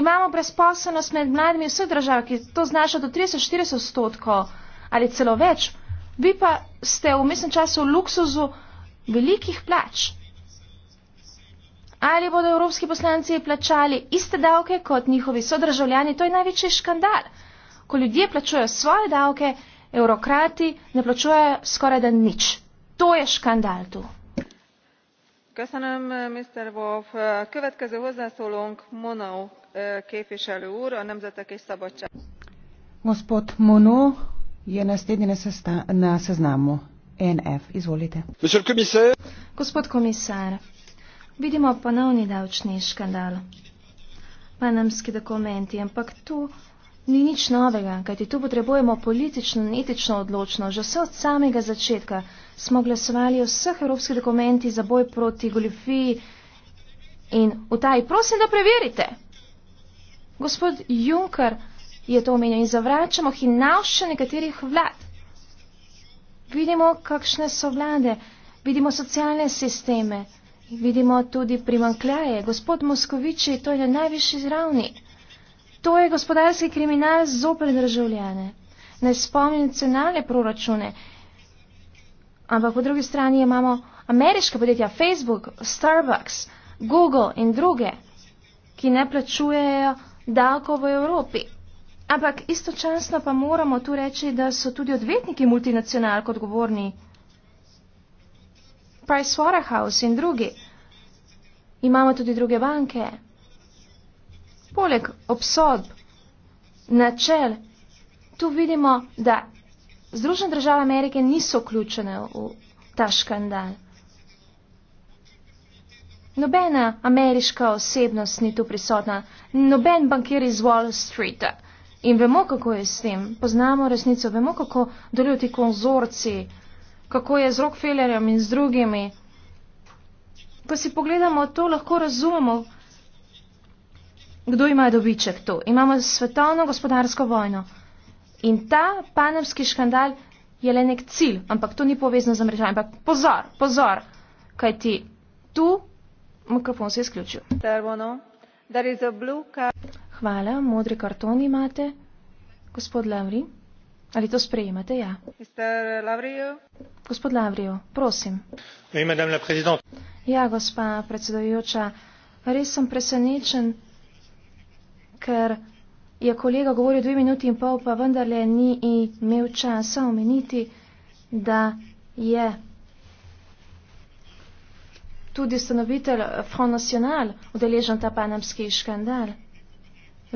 Imamo brezposobnost med mladimi vseh držav, ki to znaša do 340 odstotkov ali celo več, vi pa ste v mesnem času v luksuzu velikih plač. Ali bodo evropski poslanci plačali iste davke kot njihovi sodržavljani, to je največji škandal. Ko ljudje plačujejo svoje davke, evrokrati ne plačujejo skoraj da nič. To je škandal tu. Köszönöm, Mr. Wolf. Következő hozzászólónk Monau eh, képviselő úr, a Nemzetek és Szabadság. Gospod Monau, je naslednji na, sesta, na seznamu NF. Izvolite. Gospod komisar, vidimo ponovni davčni škandal. Panamski dokumenti, ampak tu ni nič novega, kajti tu potrebujemo politično in etično odločno. Že vse od samega začetka smo glasovali o vseh evropskih dokumentih za boj proti goljofiji in v taj prosim, da preverite. Gospod Juncker, je to omenjal in zavračamo hinavše nekaterih vlad. Vidimo, kakšne so vlade, vidimo socialne sisteme, vidimo tudi primankljaje. Gospod Moskoviči, to je na najvišji ravni. To je gospodarski kriminal zoper državljane. Ne spomnim cenale proračune, ampak po drugi strani imamo ameriška podjetja, Facebook, Starbucks, Google in druge, ki ne plačujejo davko v Evropi. Ampak istočasno pa moramo tu reči, da so tudi odvetniki multinacionalk odgovorni. Pricewaterhouse in drugi. Imamo tudi druge banke. Poleg obsodb, načel, tu vidimo, da Združene države Amerike niso vključene v ta škandal. Nobena ameriška osebnost ni tu prisotna, noben bankir iz Wall Streeta. In vemo, kako je s tem, poznamo resnico, vemo, kako delujo ti konzorci, kako je z Rockefellerjem in z drugimi. Ko si pogledamo, to lahko razumemo, kdo ima dobiček tu. Imamo svetovno gospodarsko vojno in ta panamski škandal je le nek cilj, ampak to ni povezano z američanjem. Ampak pozor, pozor, kaj ti tu mikrofon se je izključil. Hvala, modri karton imate. Gospod Lavri, ali to sprejemate? Ja. Gospod Lavri, prosim. Oui, ja, gospa predsedujoča, res sem presenečen, ker je kolega govoril dve minuti in pol, pa vendarle ni imel časa omeniti, da je tudi stanovitelj Front National udeležen ta panamski škandal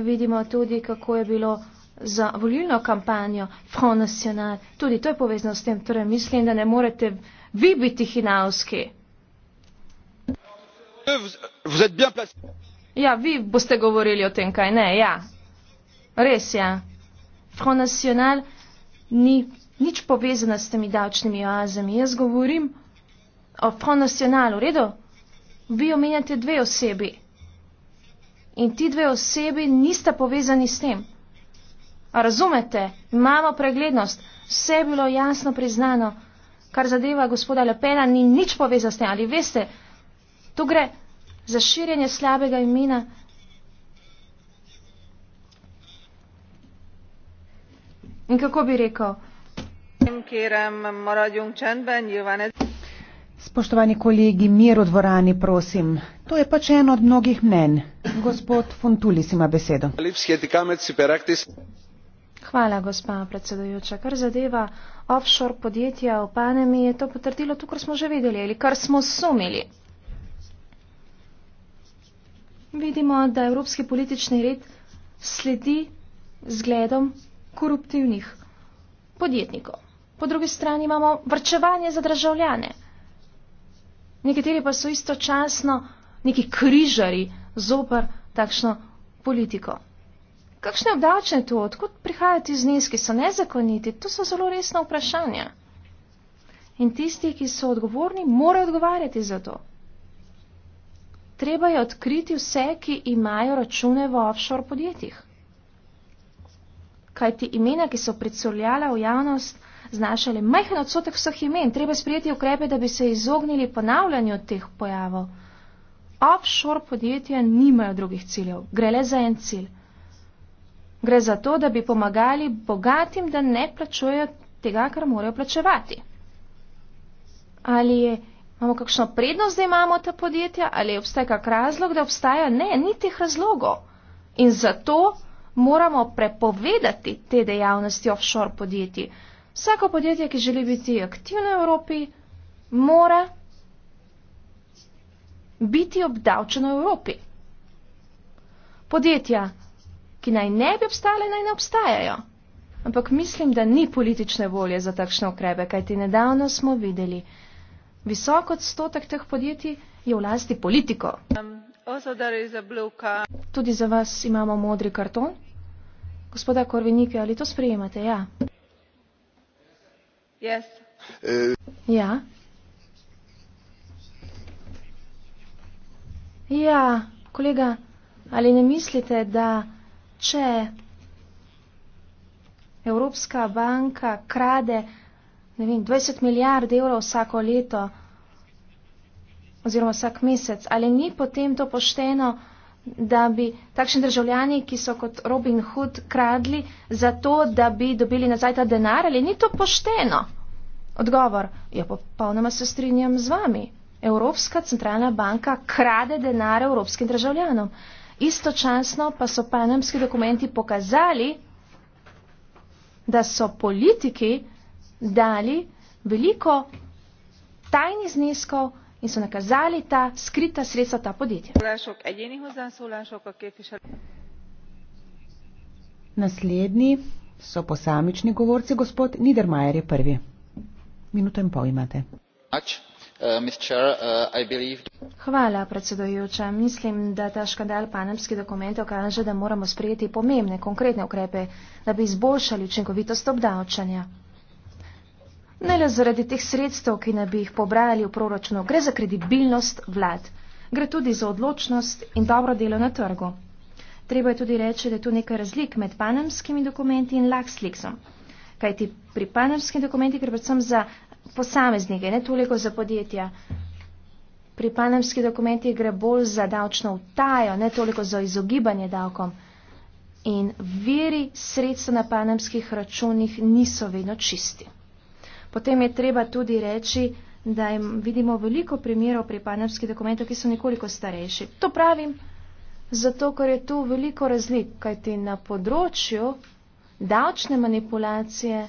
vidimo tudi, kako je bilo za volilno kampanjo Front National. Tudi to je povezano s tem, torej mislim, da ne morete vi biti hinavski. Ja, vi boste govorili o tem, kaj ne, ja. Res je. Ja. Front National ni nič povezana s temi davčnimi oazami. Jaz govorim o Front National, v redu? Vi omenjate dve osebi in ti dve osebi nista povezani s tem. A razumete, imamo preglednost, vse je bilo jasno priznano, kar zadeva gospoda Lepena, ni nič povezano s tem. Ali veste, tu gre za širjenje slabega imena. In kako bi rekel? Spoštovani kolegi, mir v dvorani, prosim. To je pač eno od mnogih mnen gospod Funtulis ima besedo. Hvala, gospa predsedujoča. Kar zadeva offshore podjetja v Panemi, je to potrdilo to, kar smo že videli ali kar smo sumili. Vidimo, da evropski politični red sledi zgledom koruptivnih podjetnikov. Po drugi strani imamo vrčevanje za državljane. Nekateri pa so istočasno neki križari zoper takšno politiko. Kakšne obdavčne to, odkud prihajajo ti zneski, so nezakoniti, to so zelo resna vprašanja. In tisti, ki so odgovorni, morajo odgovarjati za to. Treba je odkriti vse, ki imajo račune v offshore podjetjih. Kaj ti imena, ki so pricurljala v javnost, znašali majhen odsotek vseh imen, treba sprijeti ukrepe, da bi se izognili ponavljanju teh pojavov offshore podjetja nimajo drugih ciljev, gre le za en cilj. Gre za to, da bi pomagali bogatim, da ne plačujejo tega, kar morajo plačevati. Ali je, imamo kakšno prednost, da imamo ta podjetja, ali je obstaj kak razlog, da obstaja? Ne, ni teh razlogov. In zato moramo prepovedati te dejavnosti offshore podjetij. Vsako podjetje, ki želi biti aktivno v Evropi, mora biti obdavčeno v Evropi. Podjetja, ki naj ne bi obstale, naj ne obstajajo. Ampak mislim, da ni politične volje za takšne okrebe, kajti nedavno smo videli, visok odstotek teh podjetij je v lasti politiko. Tudi za vas imamo modri karton. Gospoda Korvenike, ali to sprejemate? Ja. Yes. Ja. Ja, kolega, ali ne mislite, da če Evropska banka krade ne vem, 20 milijard evrov vsako leto oziroma vsak mesec, ali ni potem to pošteno, da bi takšni državljani, ki so kot Robin Hood kradli, zato da bi dobili nazaj ta denar, ali ni to pošteno? Odgovor, ja, popolnoma se strinjam z vami. Evropska centralna banka krade denar evropskim državljanom. Istočasno pa so panamski dokumenti pokazali, da so politiki dali veliko tajnih zneskov in so nakazali ta skrita sredstva ta podjetja. Naslednji so posamični govorci, gospod Niedermayer je prvi. Minuto in pol imate. Uh, uh, Hvala, predsedujoča. Mislim, da ta škandal panamski dokument okaže, da moramo sprejeti pomembne, konkretne ukrepe, da bi izboljšali učinkovitost obdavčanja. Ne le zaradi teh sredstev, ki ne bi jih pobrali v proračunu, gre za kredibilnost vlad. Gre tudi za odločnost in dobro delo na trgu. Treba je tudi reči, da je tu nekaj razlik med panamskimi dokumenti in lax lixom. Kajti pri panamskih dokumentih gre predvsem za posameznike, ne toliko za podjetja. Pri panemskih dokumentih gre bolj za davčno vtajo, ne toliko za izogibanje davkom. In viri sredstva na panemskih računih niso vedno čisti. Potem je treba tudi reči, da vidimo veliko primerov pri panemskih dokumentih, ki so nekoliko starejši. To pravim, zato ker je tu veliko razlik, kajti na področju davčne manipulacije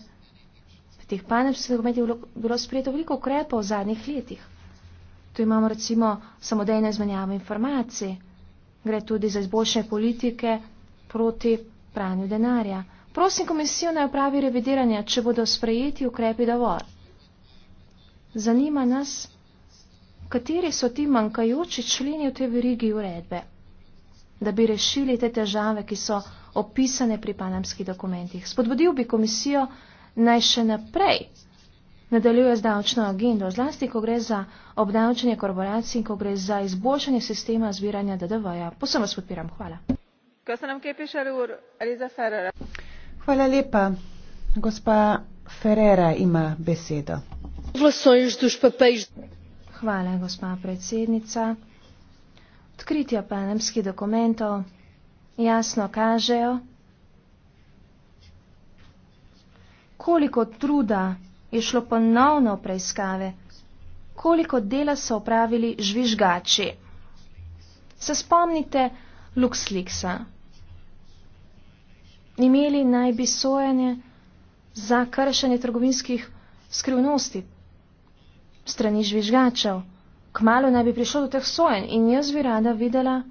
teh panemskih dokumentih bilo sprejeto veliko ukrepov v zadnjih letih. Tu imamo recimo samodejne izmenjave informacij, gre tudi za izboljšanje politike proti pranju denarja. Prosim komisijo naj opravi revidiranje, če bodo sprejeti ukrepi dovolj. Zanima nas, kateri so ti manjkajoči členi v tej verigi uredbe, da bi rešili te težave, ki so opisane pri panamskih dokumentih. Spodbudil bi komisijo, naj še naprej nadaljuje z davčno agendo, zlasti, ko gre za obdavčanje korporacij in ko gre za izboljšanje sistema zbiranja DDV-ja. Posem vas podpiram. Hvala. Hvala lepa. Gospa Ferrera ima besedo. Hvala, gospa predsednica. Odkritja panemskih dokumentov jasno kažejo, koliko truda je šlo ponovno preiskave, koliko dela so opravili žvižgači. Se spomnite Luxlixa. Imeli naj bi sojanje za kršenje trgovinskih skrivnosti strani žvižgačev. Kmalo naj bi prišlo do teh sojen in jaz bi rada videla,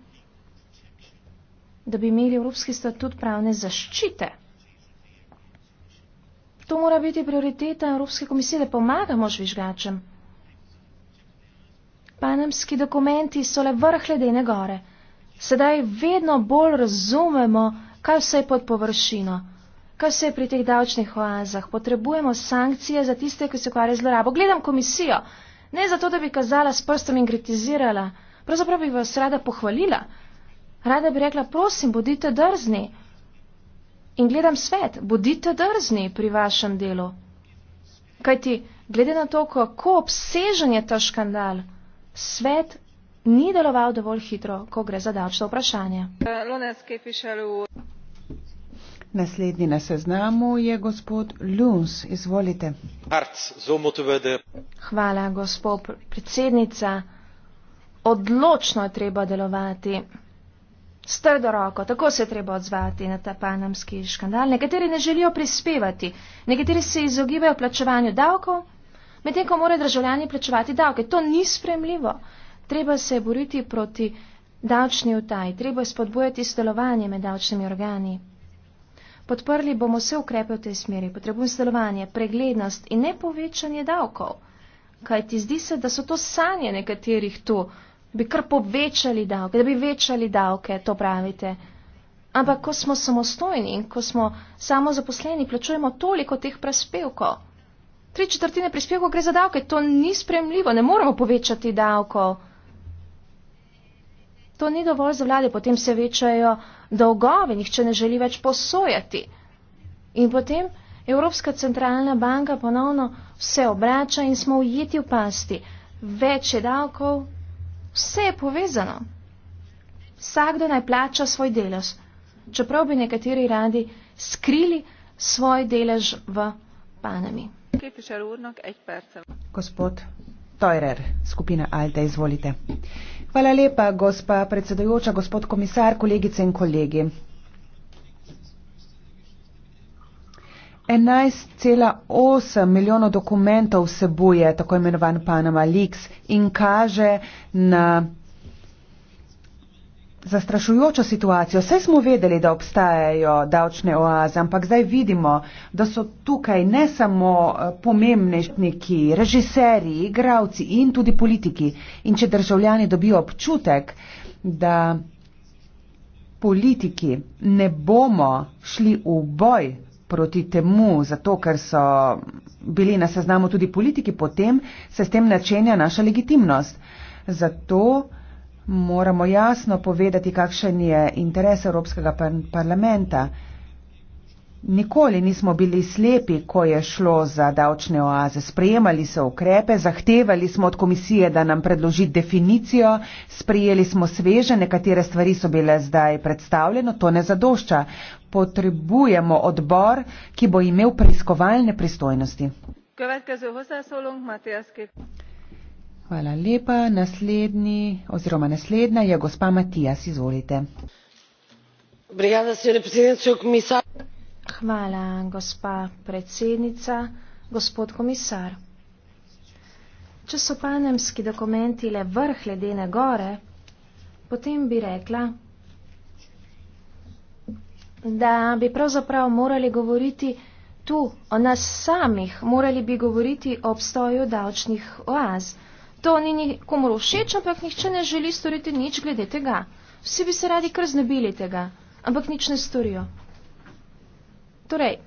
da bi imeli Evropski statut pravne zaščite. To mora biti prioriteta Evropske komisije, da pomagamo žvižgačem. Panamski dokumenti so le vrh ledene gore. Sedaj vedno bolj razumemo, kaj vse je pod površino. Kaj se je pri teh davčnih oazah? Potrebujemo sankcije za tiste, ki se ukvarjajo z zlorabo. Gledam komisijo. Ne zato, da bi kazala s prstom in kritizirala. Pravzaprav bi vas rada pohvalila. Rada bi rekla, prosim, bodite drzni in gledam svet, bodite drzni pri vašem delu. Kaj ti, glede na to, kako obsežen je ta škandal, svet ni deloval dovolj hitro, ko gre za davčno vprašanje. Naslednji na seznamu je gospod Luns. Izvolite. Hvala, gospod predsednica. Odločno je treba delovati. S trdo roko, tako se treba odzvati na ta panamski škandal. Nekateri ne želijo prispevati, nekateri se izogibajo plačevanju davkov, medtem ko morajo državljani plačevati davke. To ni spremljivo. Treba se boriti proti davčni utaji, treba je spodbujati sodelovanje med davčnimi organi. Podprli bomo vse ukrepe v tej smeri, potrebujem sodelovanje, preglednost in ne povečanje davkov, kajti zdi se, da so to sanje nekaterih tu bi kar povečali davke, da bi večali davke, to pravite. Ampak ko smo samostojni in ko smo samo zaposleni, plačujemo toliko teh prispevkov. Tri četrtine prispevkov gre za davke, to ni spremljivo, ne moramo povečati davkov. To ni dovolj za vlade, potem se večajo dolgovi, nihče ne želi več posojati. In potem Evropska centralna banka ponovno vse obrača in smo ujeti v pasti. Več je davkov, Vse je povezano. Vsakdo naj plača svoj delež, čeprav bi nekateri radi skrili svoj delež v Panami. Gospod Teurer, skupina Alde, izvolite. Hvala lepa, gospa predsedujoča, gospod komisar, kolegice in kolegi. 11,8 milijona dokumentov vsebuje tako imenovan Panama Leaks in kaže na zastrašujočo situacijo. Vse smo vedeli, da obstajajo davčne oaze, ampak zdaj vidimo, da so tukaj ne samo eh, pomembnejšniki, režiserji, igravci in tudi politiki. In če državljani dobijo občutek, da politiki ne bomo šli v boj proti temu, zato ker so bili na seznamu tudi politiki, potem se s tem načenja naša legitimnost. Zato moramo jasno povedati, kakšen je interes Evropskega parlamenta. Nikoli nismo bili slepi, ko je šlo za davčne oaze. Sprejemali so ukrepe, zahtevali smo od komisije, da nam predloži definicijo, sprejeli smo sveže, nekatere stvari so bile zdaj predstavljene, to ne zadošča. Potrebujemo odbor, ki bo imel preiskovalne pristojnosti. Hvala lepa. Naslednji oziroma naslednja je gospa Matijas. Izvolite. Obrigada, Hvala, gospa predsednica, gospod komisar. Če so panemski dokumenti le vrh ledene gore, potem bi rekla, da bi pravzaprav morali govoriti tu o nas samih, morali bi govoriti o obstoju davčnih oaz. To ni nikomu všeč, ampak nihče ne želi storiti nič glede tega. Vsi bi se radi kar znebili tega, ampak nič ne storijo. Torej,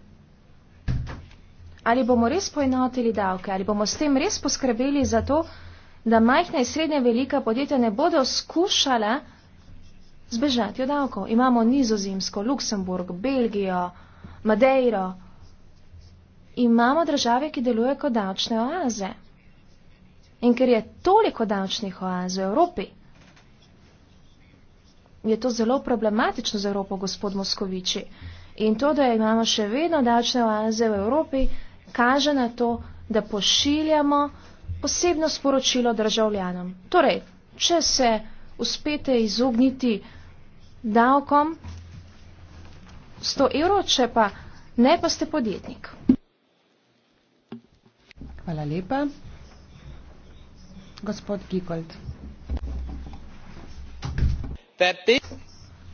ali bomo res poenotili davke, ali bomo s tem res poskrbeli za to, da majhna in srednja velika podjetja ne bodo skušala zbežati od davkov. Imamo Nizozemsko, Luksemburg, Belgijo, Madeiro. Imamo države, ki delujejo kot davčne oaze. In ker je toliko davčnih oaz v Evropi, je to zelo problematično za Evropo, gospod Moskoviči. In to, da imamo še vedno davčne oaze v Evropi, kaže na to, da pošiljamo posebno sporočilo državljanom. Torej, če se uspete izogniti davkom 100 evrov, če pa ne, pa ste podjetnik. Hvala lepa. Gospod Gigold.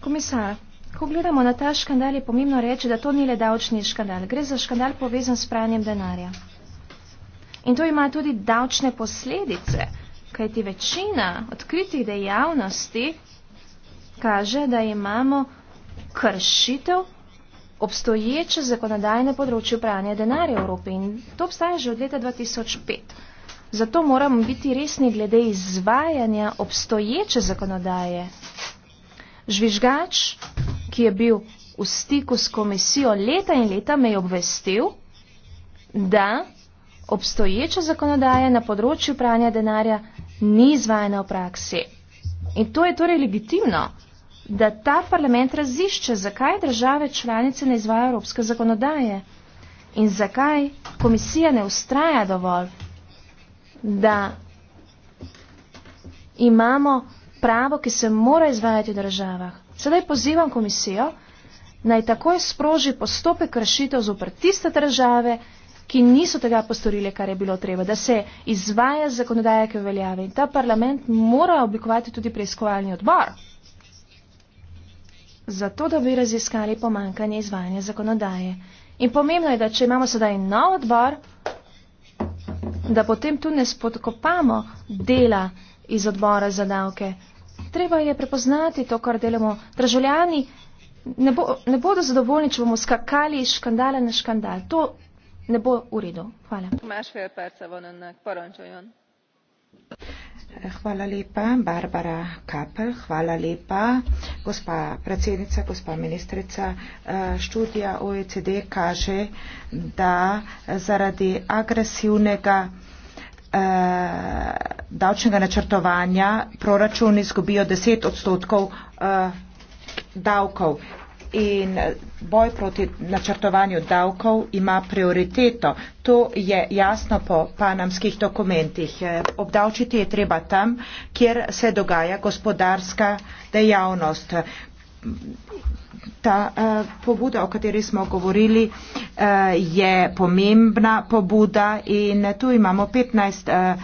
Komisar, Ko gledamo na ta škandal, je pomembno reči, da to ni le davčni škandal. Gre za škandal povezan s pranjem denarja. In to ima tudi davčne posledice, kajti večina odkritih dejavnosti kaže, da imamo kršitev obstoječe zakonodajne področje pranja denarja v Evropi. In to obstaja že od leta 2005. Zato moramo biti resni glede izvajanja obstoječe zakonodaje. Žvižgač ki je bil v stiku s komisijo leta in leta, me je obvestil, da obstoječa zakonodaja na področju pranja denarja ni izvajena v praksi. In to je torej legitimno, da ta parlament razišče, zakaj države članice ne izvajo evropske zakonodaje in zakaj komisija ne ustraja dovolj, da imamo pravo, ki se mora izvajati v državah. Sedaj pozivam komisijo, naj takoj sproži postopek rešitev zoper tiste države, ki niso tega postorile, kar je bilo treba, da se izvaja zakonodaja, ki veljave. In ta parlament mora oblikovati tudi preiskovalni odbor, zato da bi raziskali pomankanje izvajanja zakonodaje. In pomembno je, da če imamo sedaj nov odbor, da potem tu ne spodkopamo dela iz odbora za davke treba je prepoznati to, kar delamo. Državljani ne, bo, ne bodo zadovoljni, če bomo skakali iz škandala na škandal. To ne bo v redu. Hvala. Hvala lepa, Barbara Kapel, hvala lepa, gospa predsednica, gospa ministrica. Eh, študija OECD kaže, da zaradi agresivnega eh, davčnega načrtovanja proračuni izgubijo 10 odstotkov eh, davkov. In boj proti načrtovanju davkov ima prioriteto. To je jasno po panamskih dokumentih. Eh, obdavčiti je treba tam, kjer se dogaja gospodarska dejavnost ta eh, pobuda, o kateri smo govorili, eh, je pomembna pobuda in tu imamo 15 eh,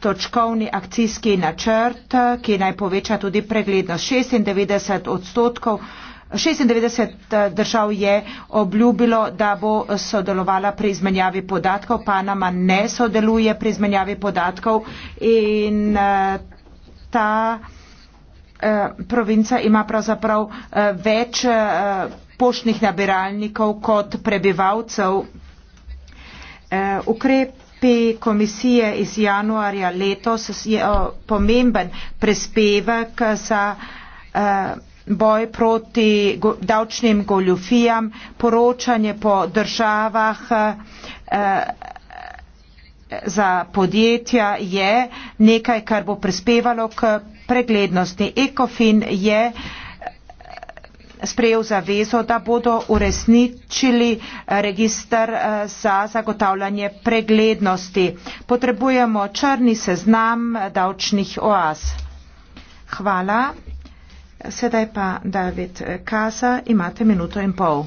točkovni akcijski načrt, ki naj poveča tudi preglednost 96 odstotkov. 96 eh, držav je obljubilo, da bo sodelovala pri izmenjavi podatkov, Panama ne sodeluje pri izmenjavi podatkov in eh, ta Eh, provinca ima pravzaprav eh, več eh, poštnih nabiralnikov kot prebivalcev. Ukrepi komisije iz januarja letos je pomemben prespevek za boj proti davčnim goljufijam, poročanje po državah za podjetja je nekaj, kar bo prispevalo k preglednosti. ECOFIN je eh, sprejel zavezo, da bodo uresničili eh, registr eh, za zagotavljanje preglednosti. Potrebujemo črni seznam davčnih oaz. Hvala. Sedaj pa David Kasa, imate minuto in pol.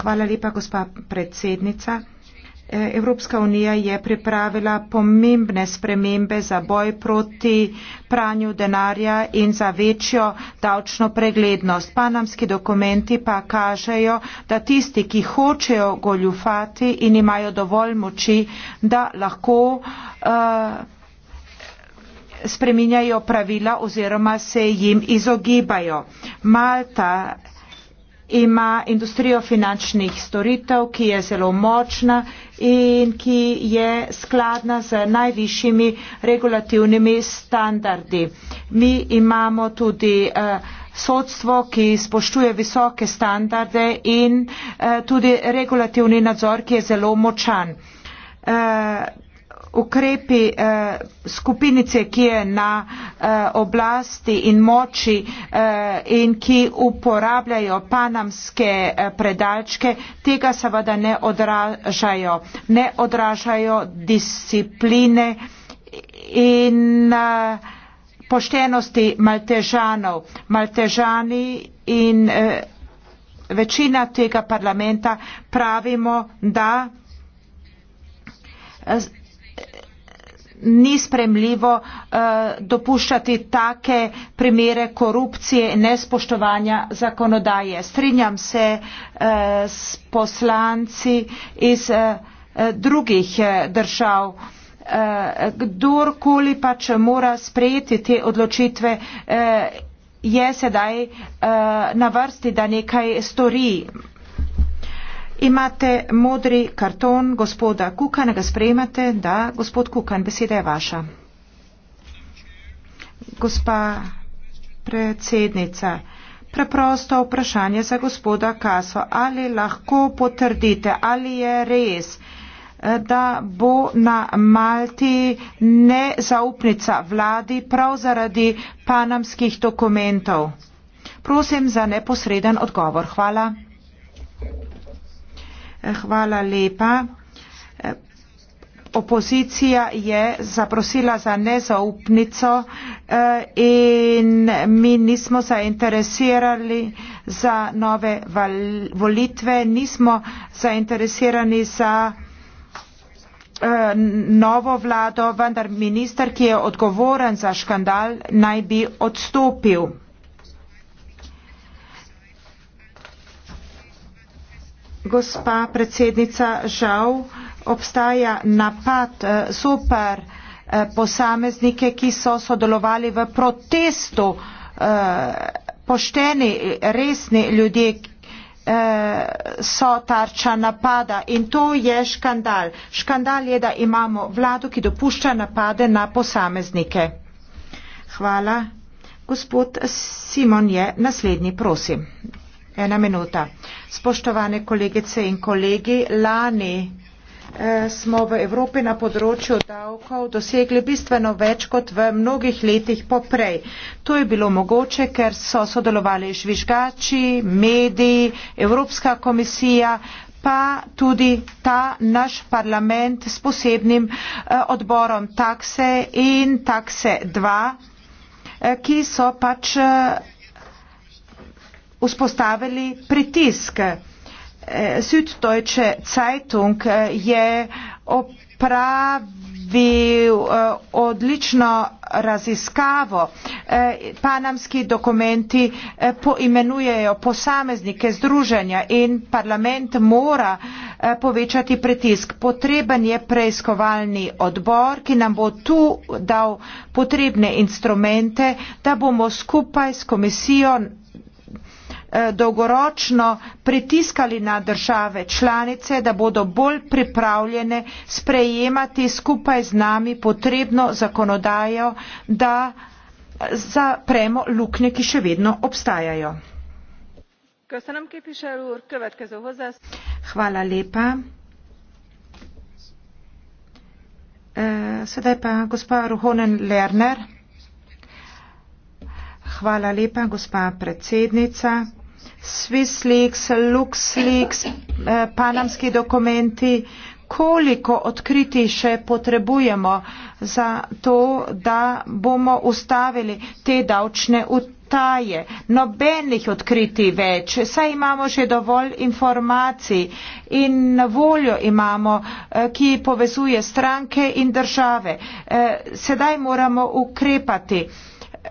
Hvala lepa, gospa predsednica. Evropska unija je pripravila pomembne spremembe za boj proti pranju denarja in za večjo davčno preglednost. Panamski dokumenti pa kažejo, da tisti, ki hočejo goljufati in imajo dovolj moči, da lahko uh, spreminjajo pravila oziroma se jim izogibajo. Malta ima industrijo finančnih storitev, ki je zelo močna in ki je skladna z najvišjimi regulativnimi standardi. Mi imamo tudi uh, sodstvo, ki spoštuje visoke standarde in uh, tudi regulativni nadzor, ki je zelo močan. Uh, ukrepi eh, skupinice, ki je na eh, oblasti in moči eh, in ki uporabljajo panamske eh, predalčke, tega seveda ne odražajo. Ne odražajo discipline in eh, poštenosti maltežanov. Maltežani in eh, večina tega parlamenta pravimo, da. Eh, ni spremljivo uh, dopuščati take primere korupcije in nespoštovanja zakonodaje. Strinjam se uh, s poslanci iz uh, drugih uh, držav. Kdorkoli pač mora sprejeti te odločitve, je sedaj na vrsti, da nekaj stori. Imate modri karton gospoda Kukana, ga sprejmate? Da, gospod Kukan, beseda je vaša. Gospa predsednica, preprosto vprašanje za gospoda Kaso. Ali lahko potrdite, ali je res, da bo na Malti nezaupnica vladi prav zaradi panamskih dokumentov? Prosim za neposreden odgovor. Hvala. Hvala lepa. Opozicija je zaprosila za nezaupnico eh, in mi nismo zainteresirali za nove volitve, nismo zainteresirani za eh, novo vlado, vendar minister, ki je odgovoren za škandal, naj bi odstopil. gospa predsednica, žal obstaja napad eh, super eh, posameznike, ki so sodelovali v protestu, eh, pošteni, resni ljudje so tarča napada in to je škandal. Škandal je, da imamo vlado, ki dopušča napade na posameznike. Hvala. Gospod Simon je naslednji, prosim. Ena minuta. Spoštovane kolegice in kolegi, lani eh, smo v Evropi na področju davkov dosegli bistveno več kot v mnogih letih poprej. To je bilo mogoče, ker so sodelovali žvižgači, mediji, Evropska komisija pa tudi ta naš parlament s posebnim eh, odborom takse in takse 2, eh, ki so pač vzpostavili pritisk. Eh, Süddeutsche Zeitung eh, je opravil eh, odlično raziskavo. Panamski dokumenti poimenujejo posameznike združenja in parlament mora povečati pritisk. Potreben je preiskovalni odbor, ki nam bo tu dal potrebne instrumente, da bomo skupaj s komisijo Eh, dolgoročno pritiskali na države članice, da bodo bolj pripravljene sprejemati skupaj z nami potrebno zakonodajo, da zapremo luknje, ki še vedno obstajajo. Hvala lepa. Eh, sedaj pa gospa Ruhonen Lerner. Hvala lepa, gospa predsednica. SwissLeaks, LuxLeaks, eh, panamski dokumenti, koliko odkriti še potrebujemo za to, da bomo ustavili te davčne utaje. Nobenih odkriti več, saj imamo že dovolj informacij in voljo imamo, eh, ki povezuje stranke in države. Eh, sedaj moramo ukrepati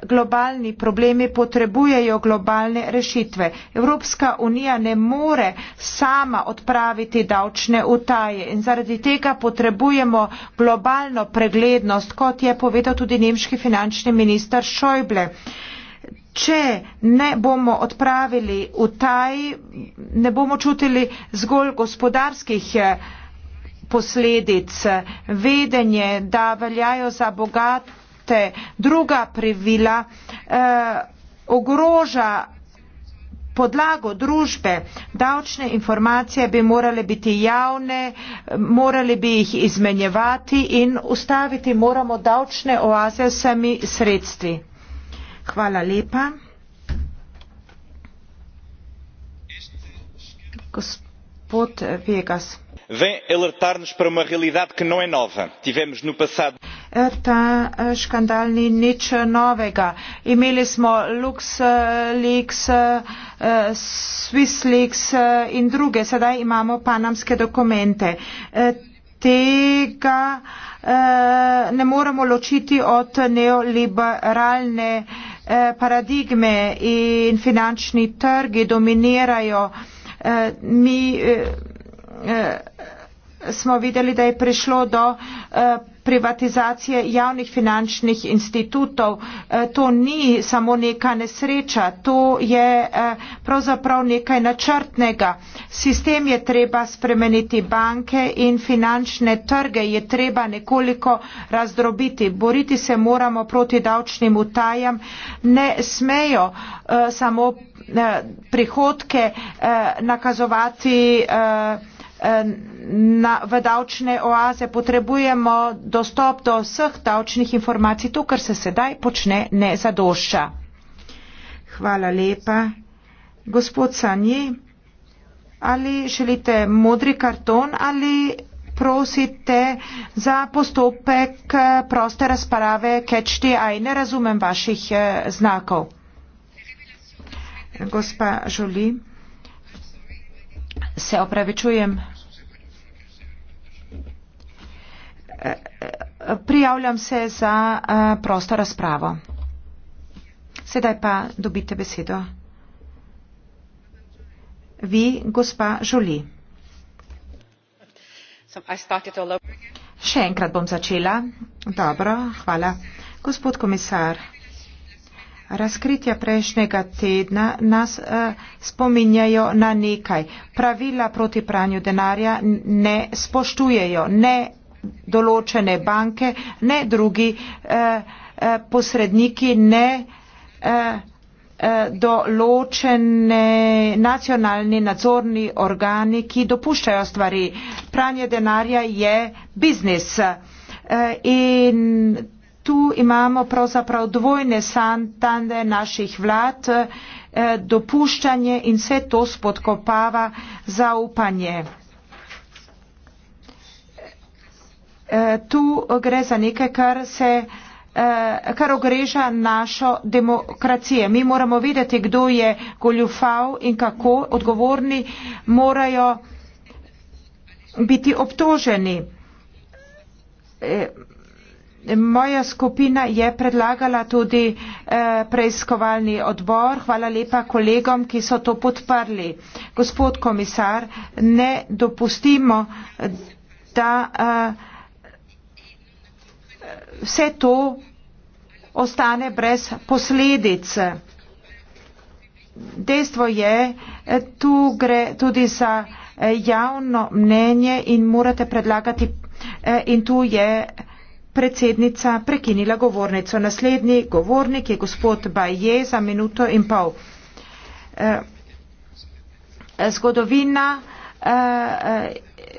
globalni problemi potrebujejo globalne rešitve. Evropska unija ne more sama odpraviti davčne utaje in zaradi tega potrebujemo globalno preglednost, kot je povedal tudi nemški finančni minister Šojble. Če ne bomo odpravili utaj, ne bomo čutili zgolj gospodarskih eh, posledic. Vedenje, da veljajo za bogat te druga pravila eh, ogroža podlago družbe. Davčne informacije bi morale biti javne, morali bi jih izmenjevati in ustaviti moramo davčne oaze sami sredstvi. Hvala lepa. Gospod Vegas vem alertar nos para uma realidade que não é nova tivemos no passado Ta eh, škandal ni nič novega. Imeli smo LuxLeaks, eh, SwissLeaks eh, in druge. Sedaj imamo panamske dokumente. Tega ne moremo ločiti od neoliberalne paradigme in finančni trgi dominirajo. Mi, Eh, smo videli, da je prišlo do eh, privatizacije javnih finančnih institutov. Eh, to ni samo neka nesreča, to je pravzaprav nekaj načrtnega. Sistem je treba spremeniti, banke in finančne trge je treba nekoliko razdrobiti. Boriti se moramo proti davčnim utajam. Ne smejo samo prihodke nakazovati Eh, na, v davčne oaze, potrebujemo dostop do vseh davčnih informacij, to, kar se sedaj počne, ne zadošča. Hvala lepa. Gospod Sanji, ali želite modri karton ali prosite za postopek eh, proste razprave kečti, aj ne razumem vaših eh, znakov. Gospa Žoli se opravičujem. Prijavljam se za prosto razpravo. Sedaj pa dobite besedo. Vi, gospa Žuli. Še enkrat bom začela. Dobro, hvala. Gospod komisar. Razkritja prejšnjega tedna nas uh, spominjajo na nekaj. Pravila proti pranju denarja ne spoštujejo ne določene banke, ne drugi uh, uh, posredniki, ne uh, uh, določene nacionalni nadzorni organi, ki dopuščajo stvari. Pranje denarja je biznis. Uh, tu imamo pravzaprav dvojne santande naših vlad, eh, dopuščanje in vse to spodkopava zaupanje. Eh, tu gre za nekaj, kar se eh, kar ogreža našo demokracijo. Mi moramo vedeti, kdo je goljufal in kako odgovorni morajo biti obtoženi. E, Moja skupina je predlagala tudi eh, preiskovalni odbor. Hvala lepa kolegom, ki so to podprli. Gospod komisar, ne dopustimo, da eh, vse to ostane brez posledic. Dejstvo je, eh, tu gre tudi za eh, javno mnenje in morate predlagati. Eh, in tu je. Eh, predsednica prekinila govornico. Naslednji govornik je gospod Baje za minuto in pol. Eh, eh, zgodovina eh,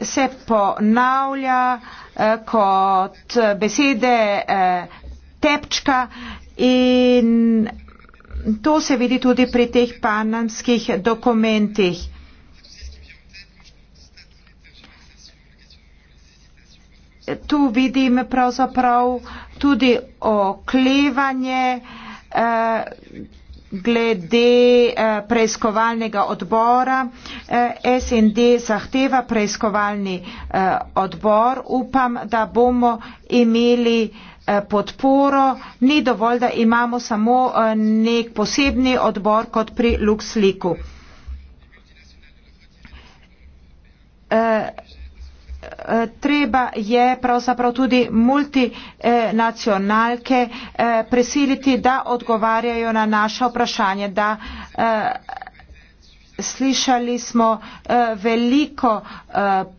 se ponavlja kot besede tepčka in to se vidi tudi pri teh panamskih dokumentih. tu vidim pravzaprav tudi oklevanje eh, glede eh, preiskovalnega odbora. Eh, SND zahteva preiskovalni eh, odbor. Upam, da bomo imeli eh, podporo. Ni dovolj, da imamo samo eh, nek posebni odbor kot pri Luxliku. Eh, treba je pravzaprav tudi multinacionalke eh, prisiliti, da odgovarjajo na naše vprašanje, da eh, slišali smo eh, veliko eh,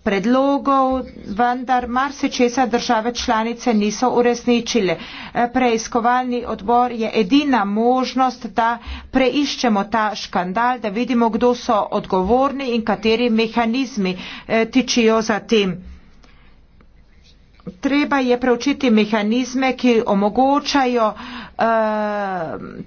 predlogov, vendar marsičesa države članice niso uresničile. Eh, preiskovalni odbor je edina možnost, da preiščemo ta škandal, da vidimo, kdo so odgovorni in kateri mehanizmi tičijo za tem. Treba je preučiti mehanizme, ki omogočajo uh,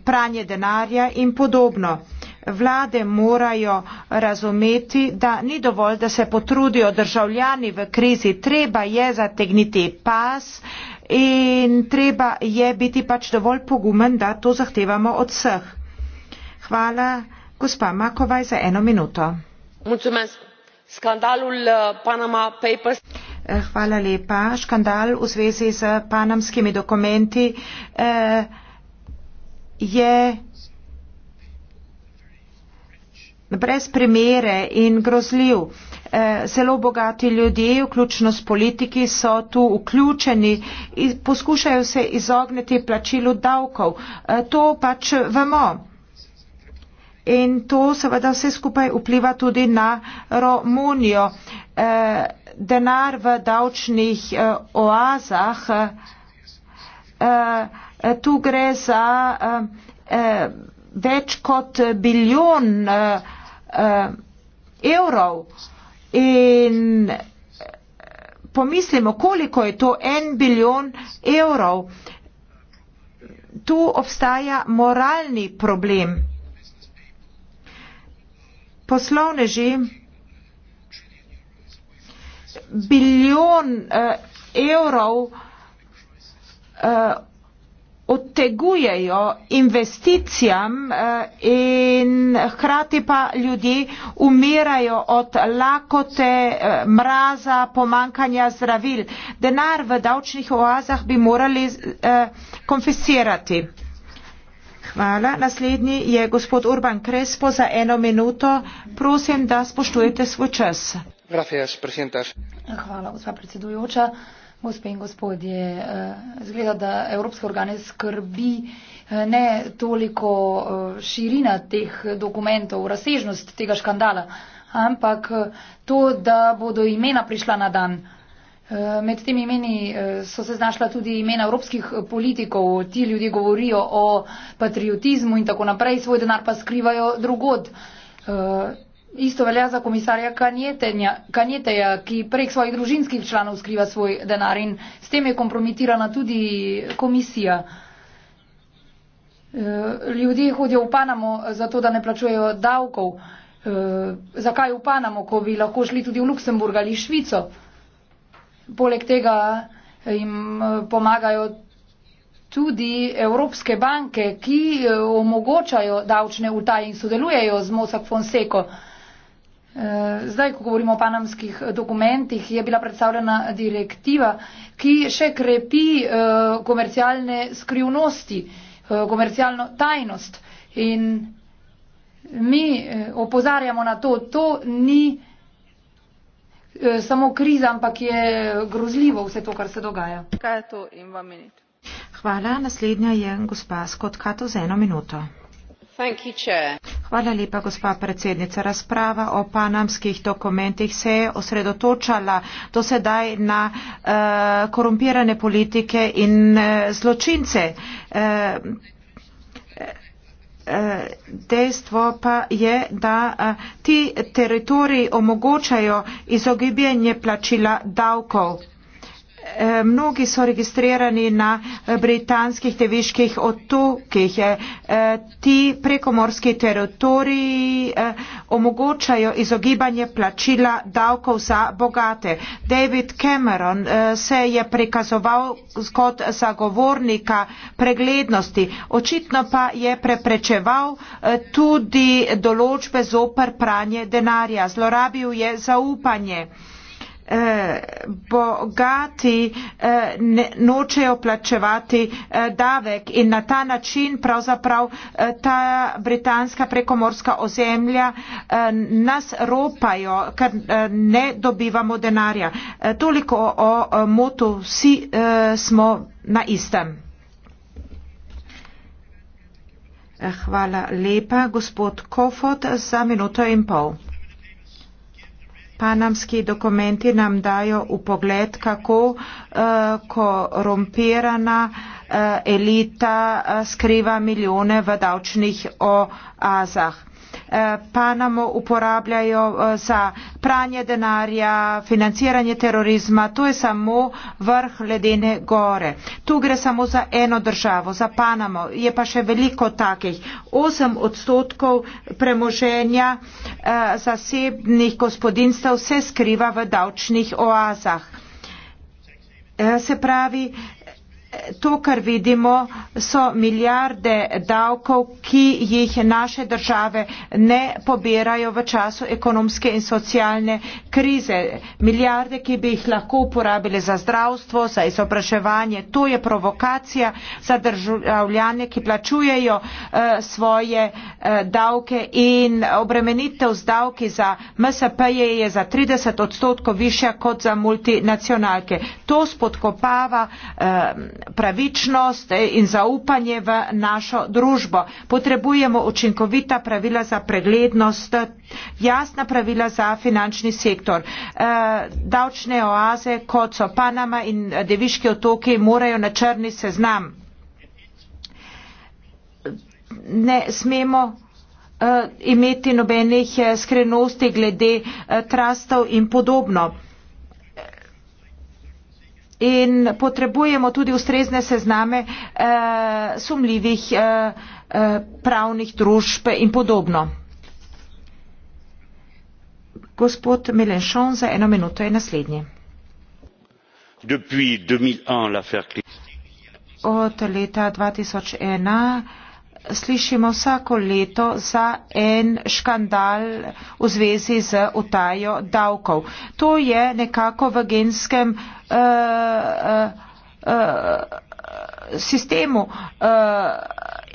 pranje denarja in podobno. Uh, vlade morajo razumeti, da ni dovolj, da se potrudijo državljani v krizi, treba je zategniti pas in treba je biti pač dovolj pogumen, da to zahtevamo od vseh. Hvala, gospa Makovaj, za eno minuto. Mucumesc. Skandalul uh, Panama Papers. Hvala lepa. Škandal v zvezi z panamskimi dokumenti eh, je brez premere in grozljiv. Eh, zelo bogati ljudje, vključno s politiki, so tu vključeni in poskušajo se izogniti plačilu davkov. Eh, to pač vemo. In to seveda vse skupaj vpliva tudi na Romunijo. Eh, denar v davčnih oazah, tu gre za več kot biljon uh, evrov in eh, pomislimo, koliko je to en biljon evrov. Tu obstaja moralni problem. Poslovneži biljon uh, eh, evrov uh, odtegujejo investicijam eh, in hkrati pa ljudje umirajo od lakote, eh, mraza, pomankanja zdravil. Denar v davčnih oazah bi morali eh, konfiscirati. Hvala. Naslednji je gospod Urban Krespo za eno minuto. Prosim, da spoštujete svoj čas. Gracias, Hvala, gospod predsedujoča. Gospe in gospodje, eh, zgleda, da Evropske organe skrbi eh, ne toliko eh, širina teh dokumentov, razsežnost tega škandala, ampak to, da bodo imena prišla na dan. Med temi imeni so se znašla tudi imena evropskih politikov, ti ljudje govorijo o patriotizmu in tako naprej, svoj denar pa skrivajo drugod. Isto velja za komisarja Kanjeteja, ki prek svojih družinskih članov skriva svoj denar in s tem je kompromitirana tudi komisija. E, ljudje hodijo v Panamo zato, da ne plačujejo davkov. E, zakaj v Panamo, ko bi lahko šli tudi v Luksemburg ali Švico? Poleg tega e, jim pomagajo tudi evropske banke, ki omogočajo davčne utaje in sodelujejo z Mosak Fonseko. Eh, zdaj, ko govorimo o panamskih dokumentih, je bila predstavljena direktiva, ki še krepi eh, komercialne skrivnosti, eh, komercialno tajnost. In mi opozarjamo na to, to ni samo kriza, ampak je grozljivo vse to, kar se dogaja. Kaj je to in vam meniti? Hvala. Naslednja je gospa Skotkato z eno minuto. Hvala lepa, gospa predsednica. Razprava o panamskih dokumentih se je osredotočala do sedaj na uh, korumpirane politike in uh, zločince. Uh, Dejstvo pa je, da ti teritoriji omogočajo izogibanje plačila davkov. Eh, mnogi so registrirani na eh, britanskih teviških otokih. Eh, ti prekomorski teritoriji omogočajo izogibanje plačila davkov za bogate. David Cameron se je prikazoval kot zagovornika preglednosti, očitno pa je preprečeval tudi določbe zoper pranje denarja. Zlorabil je zaupanje. Eh, bogati eh, nočejo plačevati eh, davek in na ta način pravzaprav ta britanska prekomorska ozemlja nas ropajo, ker ne dobivamo denarja. Toliko o motu, vsi smo na istem. Hvala lepa, gospod Kofot, za minuto in pol. Panamski dokumenti nam dajo upogled, kako eh, korumpirana eh, elita eh, skriva milijone v davčnih oazah. Eh, Panamo uporabljajo eh, za pranje denarja, financiranje terorizma. To je samo vrh ledene gore. Tu gre samo za eno državo, za Panamo. Je pa še veliko takih. 8 odstotkov premoženja eh, zasebnih gospodinstv se skriva v davčnih oazah. Se pravi, to, kar vidimo, so milijarde davkov, ki jih naše države ne pobirajo v času ekonomske in socialne krize. Milijarde, ki bi jih lahko uporabili za zdravstvo, za izobraževanje. To je provokacija za državljane, ki plačujejo eh, svoje eh, davke in obremenitev z davki za MSP je, je za 30 odstotkov višja kot za multinacionalke. To spodkopava eh, pravičnost eh, in zaupanje zaupanje v našo družbo. Potrebujemo učinkovita pravila za preglednost, jasna pravila za finančni sektor. Eh, davčne oaze, kot so Panama in Deviški otoki, morajo na črni seznam. Ne smemo eh, imeti nobenih eh, skrenosti glede trastov in podobno in potrebujemo tudi ustrezne sezname eh, sumljivih eh, eh pravnih družb in podobno. Gospod Melenšon za eno minuto je naslednji. Depuis 2001, Od leta 2001 slišimo vsako leto za en škandal v zvezi z utajo davkov. To je nekako v genskem uh, Eh, eh, eh, sistemu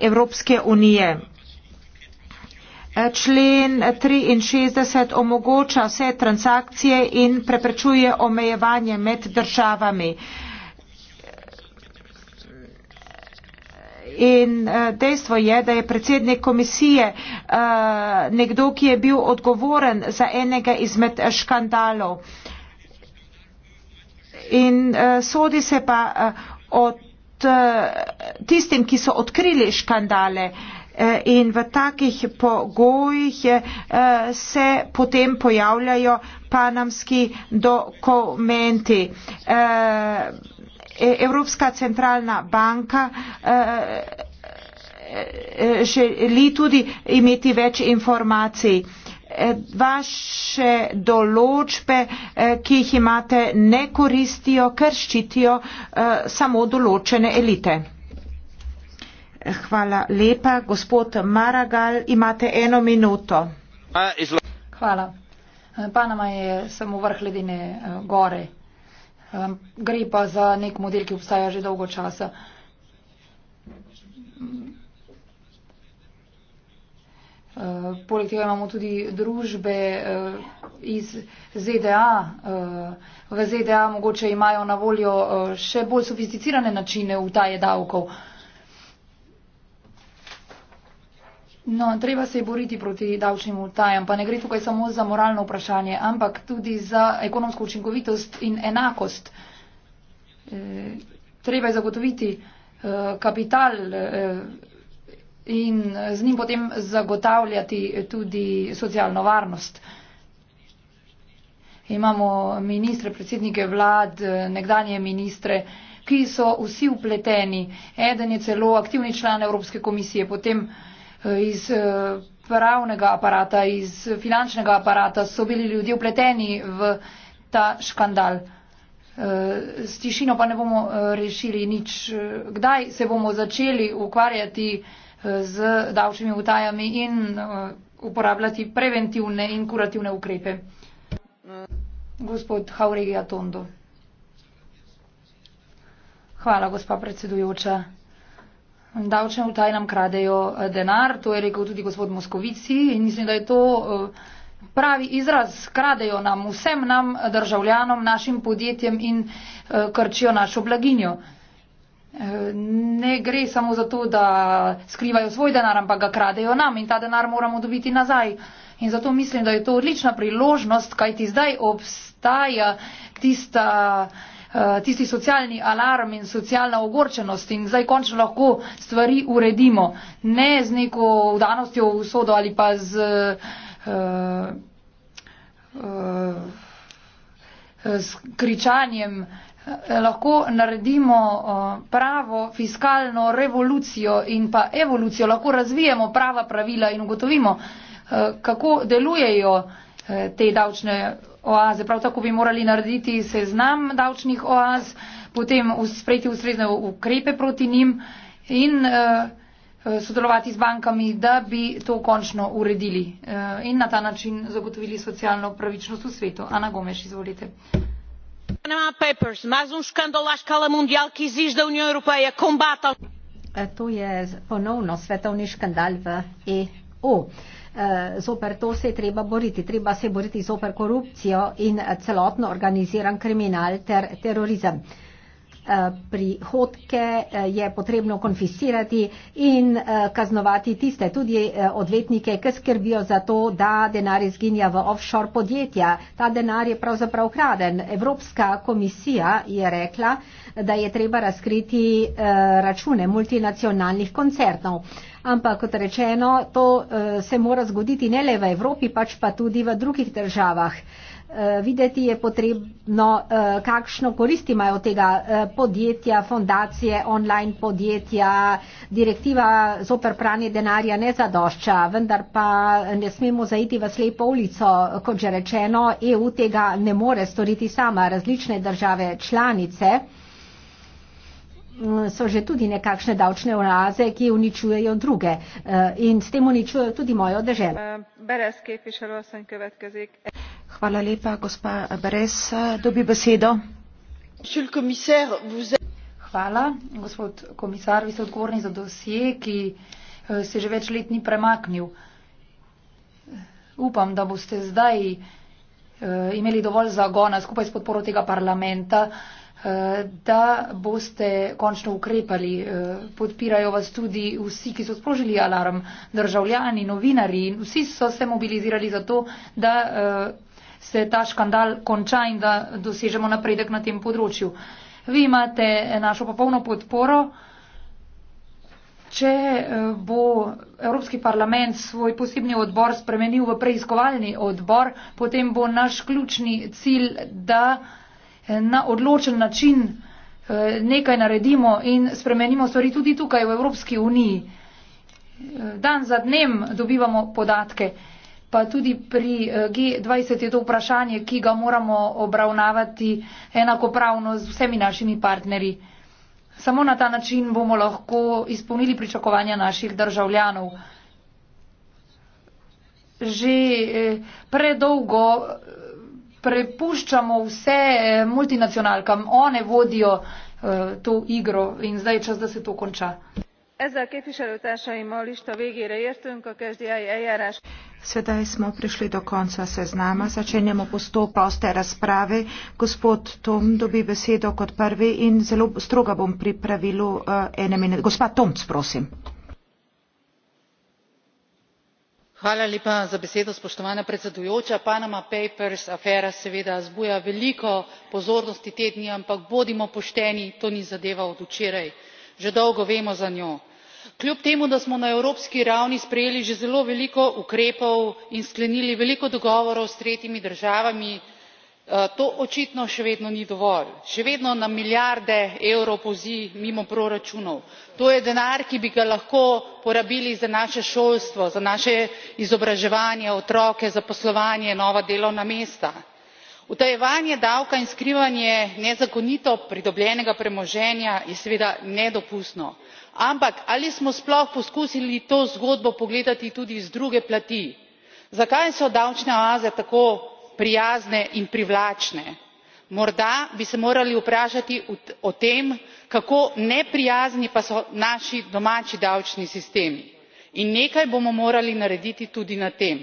Evropske unije. Člen 63 omogoča vse transakcije in preprečuje omejevanje med državami. In dejstvo je, da je predsednik komisije nekdo, ki je bil odgovoren za enega izmed škandalov in uh, sodi se pa uh, od uh, tistim, ki so odkrili škandale uh, in v takih pogojih uh, se potem pojavljajo panamski dokumenti. Uh, Evropska centralna banka uh, želi tudi imeti več informacij. Uh, Eh, vaše določbe, eh, ki jih imate, ne koristijo, ker ščitijo eh, samo določene elite. Hvala lepa. Gospod Maragal, imate eno minuto. Hvala. Panama je samo vrh ledene gore. Gre pa za nek model, ki obstaja že dolgo časa. Eh, poleg tega imamo tudi družbe eh, iz ZDA. Eh, v ZDA mogoče imajo na voljo še bolj sofisticirane načine utaje davkov. No, treba se boriti proti davčnim utajam, pa ne gre tukaj samo za moralno vprašanje, ampak tudi za ekonomsko učinkovitost in enakost. Treba je zagotoviti kapital in eh, z njim potem zagotavljati tudi socialno varnost. Imamo ministre, predsednike vlad, eh, nekdanje ministre, ki so vsi upleteni. Eden je celo aktivni član Evropske komisije, potem eh, iz pravnega aparata, iz finančnega aparata so bili ljudje upleteni v ta škandal. S tišino pa ne bomo rešili nič. Kdaj se bomo začeli ukvarjati? z davčnimi utajami in eh, uporabljati preventivne in kurativne ukrepe. Gospod Hauregi Atondo. Hvala, gospa predsedujoča. Davčne utaje nam kradejo eh, denar, to je rekel tudi gospod Moskovici in mislim, da je to eh, pravi izraz. Kradejo nam vsem nam državljanom, našim podjetjem in krčijo našo blaginjo ne gre samo za to, da skrivajo svoj denar, ampak ga kradejo nam in ta denar moramo dobiti nazaj. In zato mislim, da je to odlična priložnost, kaj ti zdaj obstaja tista, eh, tisti socialni alarm in socialna ogorčenost in zdaj končno lahko stvari uredimo. Ne z neko vdanostjo v sodo ali pa z. Uh, uh, s kričanjem, Eh, lahko naredimo eh, pravo fiskalno revolucijo in pa evolucijo, lahko razvijemo prava pravila in ugotovimo, eh, kako delujejo te davčne oaze. Prav tako bi morali narediti seznam davčnih oaz, potem sprejeti ustrezne ukrepe proti njim in sodelovati z bankami, da bi to končno uredili in na ta način zagotovili socialno pravičnost v svetu. Ana Gomeš, izvolite panama papers mais um escândalo à escala mundial que exige da união europeia combate eh, To je ponovno svetovni škandal v EU. Eh, zoper to se je treba boriti. Treba se boriti zoper korupcijo in eh, celotno organiziran kriminal ter terorizem. Eh, prihodke eh, je potrebno konfiscirati in eh, kaznovati tiste tudi odvetnike, ki skrbijo za to, da denar izginja v offshore podjetja. Ta denar je pravzaprav kraden. Evropska komisija je rekla, da je treba razkriti račune multinacionalnih koncertov. Ampak, kot rečeno, to se mora zgoditi ne le v Evropi, pač pa tudi v drugih državah. Eh, videti je potrebno, eh, kakšno korist imajo tega eh, podjetja, fondacije, online podjetja. Direktiva zoper pranje denarja ne zadošča, vendar pa ne smemo zaiti v slepo ulico. Kot že rečeno, EU tega ne more storiti sama. Različne države članice so že tudi nekakšne davčne oaze, ki uničujejo druge eh, in s tem uničujejo tudi mojo državo. Eh, Hvala lepa, gospa Beres, dobi besedo. Hvala, gospod komisar, vi ste odgovorni za dosje, ki eh, se že več let ni premaknil. Upam, da boste zdaj imeli dovolj zagona skupaj s podporo tega parlamenta, da boste končno ukrepali. Eh, podpirajo vas tudi vsi, ki so sprožili alarm, državljani, novinari in vsi so se mobilizirali za to, da eh, se ta škandal konča in da dosežemo napredek na tem področju. Vi imate našo popolno podporo. Če eh, bo Evropski parlament svoj posebni odbor spremenil v preiskovalni odbor, potem bo naš ključni cilj, da na odločen način eh, nekaj naredimo in spremenimo stvari tudi tukaj v Evropski uniji. Eh, dan za dnem dobivamo podatke, pa tudi pri eh, G20 je to vprašanje, ki ga moramo obravnavati enakopravno z vsemi našimi partnerji. Samo na ta način bomo lahko izpolnili pričakovanja naših državljanov. Že predolgo prepuščamo vse eh, multinacionalkam, one vodijo uh, to igro in zdaj je čas, da se to konča. Sedaj smo prišli do konca seznama, začenjamo postop proste razprave. Gospod Tom dobi besedo kot prvi in zelo stroga bom pri pravilu uh, ene minute. Gospa Tomc, prosim panama papers afera seveda zbuja veliko pozornosti te dni ampak bodimo pošteni to ni zadeva od včeraj že dolgo vemo za njo. kljub temu da smo na evropski ravni sprejeli že zelo veliko ukrepov in sklenili veliko dogovorov s tretjimi državami je bila afera še vedno zelo resna. Eh, to očitno še vedno ni dovolj še vedno nam milijarde evrov polzi mimo proračunov to je denar ki bi ga lahko porabili za naše šolstvo za naše izobraževanje otroke zaposlovanje nova delovna mesta. utajevanje davka in skrivanje nezakonito pridobljenega premoženja je seveda nedopustno ampak ali smo sploh poskusili to zgodbo pogledati tudi z druge plati? zakaj so davčne oaze tako prijazne in privlačne. morda bi se morali vprašati o tem kako neprijazni pa so naši domači davčni sistemi in nekaj bomo morali narediti tudi na tem.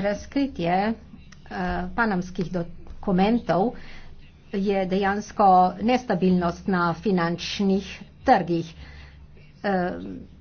razkritje eh, panamskih dokumentov je dejansko nestabilnost na finančnih trgih. Eh,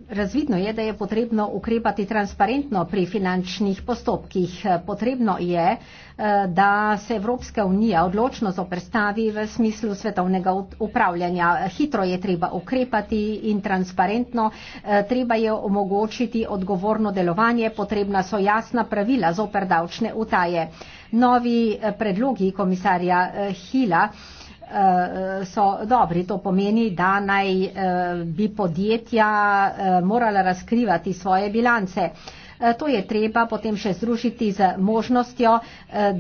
razvidno je, da je potrebno ukrepati transparentno pri finančnih postopkih. Potrebno je, eh, da se Evropska unija odločno zoprstavi v smislu svetovnega upravljanja. Hitro je treba ukrepati in transparentno. Eh, treba je omogočiti odgovorno delovanje. Potrebna so jasna pravila zoper davčne utaje novi eh, predlogi komisarja eh, Hila eh, so dobri. To pomeni, da naj bi podjetja morala razkrivati svoje bilance. To je treba potem še združiti z možnostjo,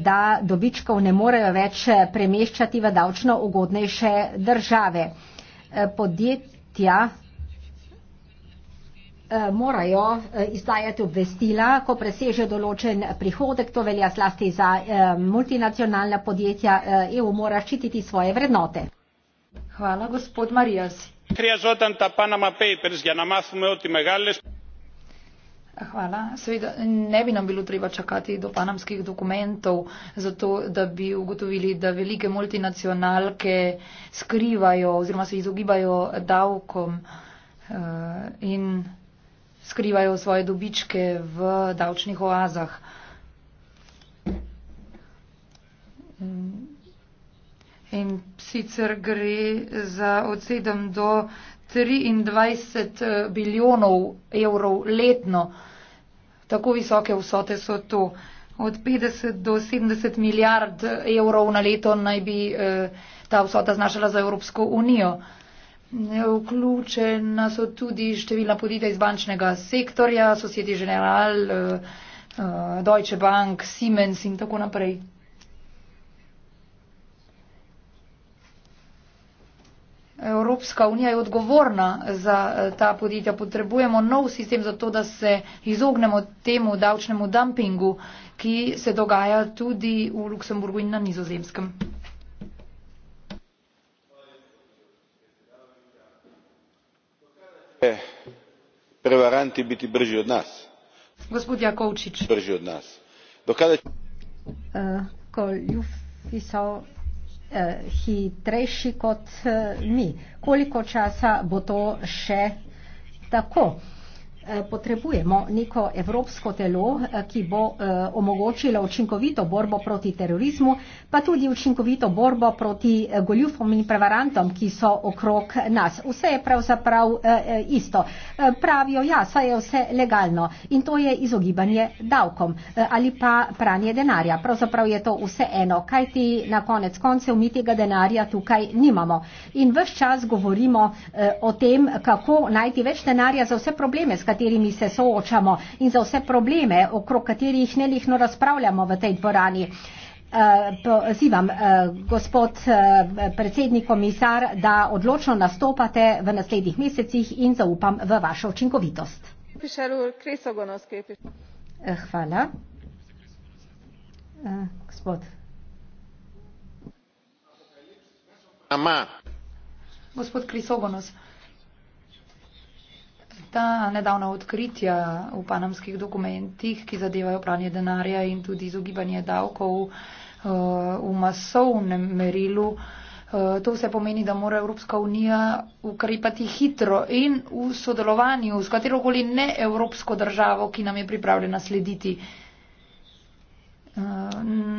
da dobičkov ne morejo več premeščati v davčno ugodnejše države. Podjetja Eh, morajo eh, izdajati obvestila, ko presežejo določen prihodek, to velja zlasti za eh, multinacionalna podjetja, EU e mora ščititi svoje vrednote. Hvala, gospod Marijas. Hvala. Seveda ne bi nam bilo treba čakati do panamskih dokumentov, zato da bi ugotovili, da velike multinacionalke skrivajo oziroma se izogibajo davkom uh, in skrivajo svoje dobičke v davčnih oazah. In sicer gre za od 7 do 23 eh, biljonov evrov letno. Tako visoke vsote so to. Od 50 do 70 milijard evrov na leto naj bi eh, ta vsota znašala za Evropsko unijo. Eh, Vključena so tudi številna podjetja iz bančnega sektorja, sosedi General, eh, eh, Deutsche Bank, Siemens in tako naprej. Evropska unija je odgovorna za eh, ta podjetja. Potrebujemo nov sistem za to, da se izognemo temu davčnemu dumpingu, ki se dogaja tudi v Luksemburgu in na nizozemskem. E, prevaranti biti brži od nas gospod jakovčić brži od nas do kada pisao e, e, hitrejši kot mi koliko časa bo to še tako? Eh, potrebujemo neko evropsko telo, eh, ki bo eh, omogočilo učinkovito borbo proti terorizmu, pa tudi učinkovito borbo proti goljufom in prevarantom, ki so okrog nas. Vse je pravzaprav isto. Pravijo, ja, saj je vse legalno in to je izogibanje davkom ali pa pranje denarja. Pravzaprav je to vse eno, kajti na konec koncev mi tega denarja tukaj nimamo. In vse čas govorimo o tem, kako najti več denarja za vse probleme, katerimi se soočamo in za vse probleme, okrog katerih nelihno razpravljamo v tej dvorani. Eh, pozivam eh, gospod eh, predsednik komisar, da odločno nastopate v naslednjih mesecih in zaupam v vašo učinkovitost. Hvala. Gospod. Gospod Krisogonos ta nedavna odkritja v panamskih dokumentih, ki zadevajo pranje denarja in tudi izogibanje davkov eh, v masovnem merilu, eh, to vse pomeni, da mora Evropska unija ukrepati hitro in v sodelovanju s katerokoli neevropsko državo, ki nam je pripravljena slediti. Eh,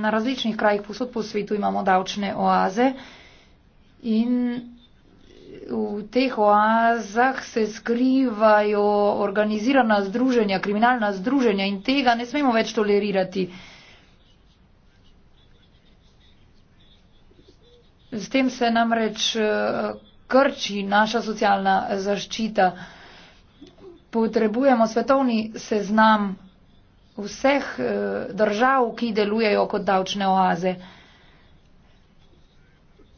na različnih krajih posod po svetu imamo davčne oaze in teh oazah se skrivajo organizirana združenja, kriminalna združenja in tega ne smemo več tolerirati. S tem se namreč eh, krči naša socialna zaščita. Potrebujemo svetovni seznam vseh eh, držav, ki delujejo kot davčne oaze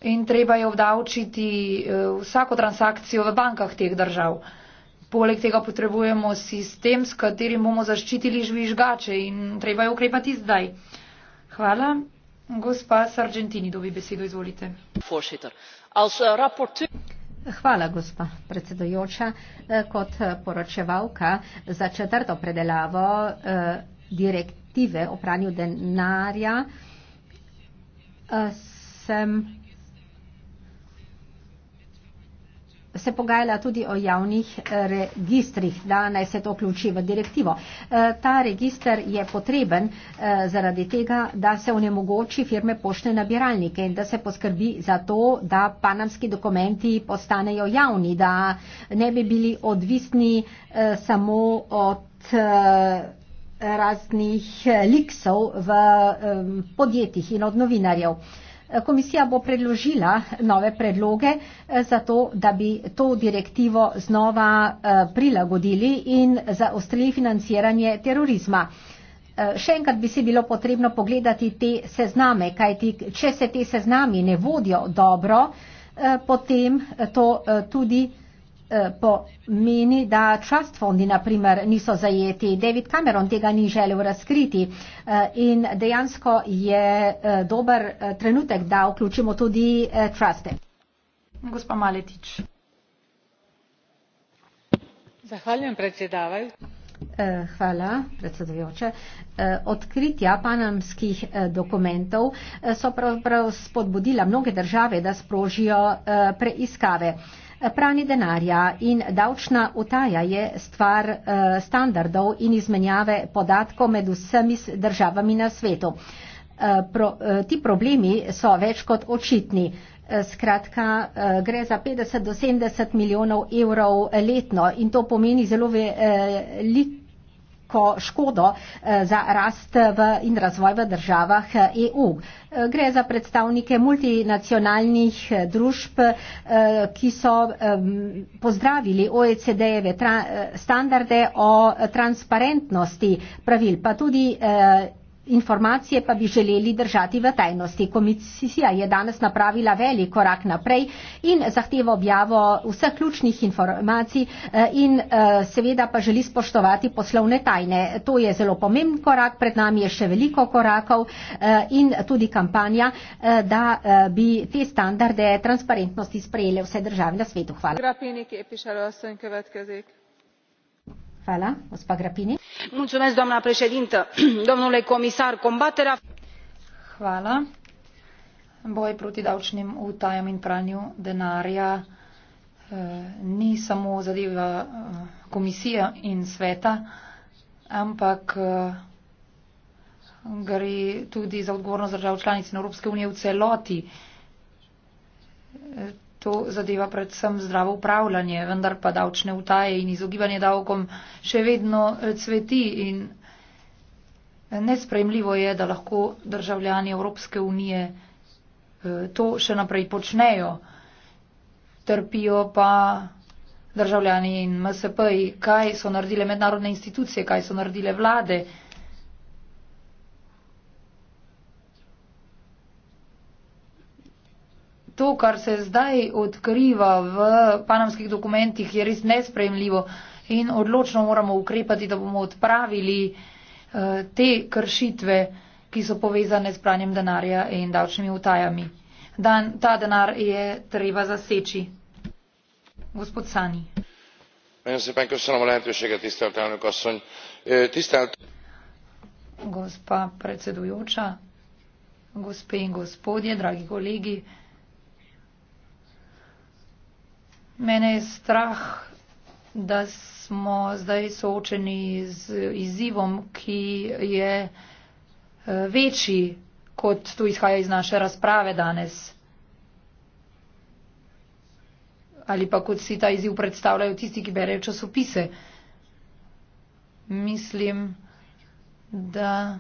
in treba je obdavčiti eh, vsako transakcijo v bankah teh držav. Poleg tega potrebujemo sistem, s katerim bomo zaščitili žvižgače in treba je ukrepati zdaj. Hvala. Gospa Sargentini, dobi besedo, izvolite. Eh, Hvala, gospa predsedujoča. Eh, kot poročevalka za četrto predelavo direktive o pranju denarja sem se pogajala tudi o javnih eh, registrih, da naj se to vključi v direktivo. Eh, ta register je potreben eh, zaradi tega, da se onemogoči firme poštne nabiralnike in da se poskrbi za to, da panamski dokumenti postanejo javni, da ne bi bili odvisni samo od raznih liksov v podjetjih in od novinarjev. Komisija bo predložila nove predloge eh, zato, da bi to direktivo znova eh, prilagodili in zaostrili financiranje terorizma. Eh, še enkrat bi si bilo potrebno pogledati te sezname, kajti če se te sezname ne vodijo dobro, potem to tudi. Eh, pomeni, da trust fondi, na primer, niso zajeti. David Cameron tega ni želel razkriti eh, in dejansko je eh, dober trenutek, da vključimo tudi truste. Gospa Maletič. Zahvaljujem predsedavaju. Hvala, predsedujoče. Odkritja panamskih dokumentov so pravzaprav spodbudila mnoge države, da sprožijo preiskave. Pranje denarja in davčna utaja je stvar eh, standardov in izmenjave podatkov med vsemi državami na svetu. Eh, pro, eh, ti problemi so več kot očitni. Skratka, gre za 50 do 70 milijonov evrov letno in to pomeni zelo veliko veliko škodo eh, za rast v in razvoj v državah EU. Eh, e eh, gre za predstavnike multinacionalnih družb, ki so pozdravili OECD-jeve standarde o transparentnosti pravil, pa tudi Informacije pa bi želeli držati v tajnosti. Komisija je danes napravila velik korak naprej in zahteva objavo vseh ključnih informacij eh, in eh, seveda pa želi spoštovati poslovne tajne. To je zelo pomemben korak, pred nami je še veliko korakov eh, in tudi kampanja, da bi te standarde transparentnosti sprejele vse države na svetu. Hvala. Grafini, doamnă președintă domnule comisar combaterea boj proti davčnim utajam in pranju denarja eh, ni samo zadeva eh, komisije in sveta, ampak eh, gre tudi za odgovornost držav članic in Evropske unije v celoti. To zadeva predvsem zdravo upravljanje, vendar pa davčne utaje in izogibanje davkom še vedno eh, cveti in nespremljivo je, da lahko državljani Evropske unije eh, to še naprej počnejo. Trpijo pa državljani in MSP, kaj so naredile mednarodne institucije, kaj so naredile vlade. to, kar se zdaj odkriva v panamskih dokumentih, je res nespremljivo in odločno moramo ukrepati, da bomo odpravili eh, te kršitve, ki so povezane s pranjem denarja in davčnimi utajami. Dan, ta denar je treba zaseči. Gospod Sani. Szépen, köszönöm a lehetőséget, tisztelt elnök asszony. Tisztelt... Gospa predsedujoča, gospe in gospodje, dragi kolégi, Mene je strah, da smo zdaj soočeni z izzivom, ki je eh, večji, kot to izhaja iz naše razprave danes. Ali pa kot si ta izziv predstavljajo tisti, ki berejo časopise. Mislim, da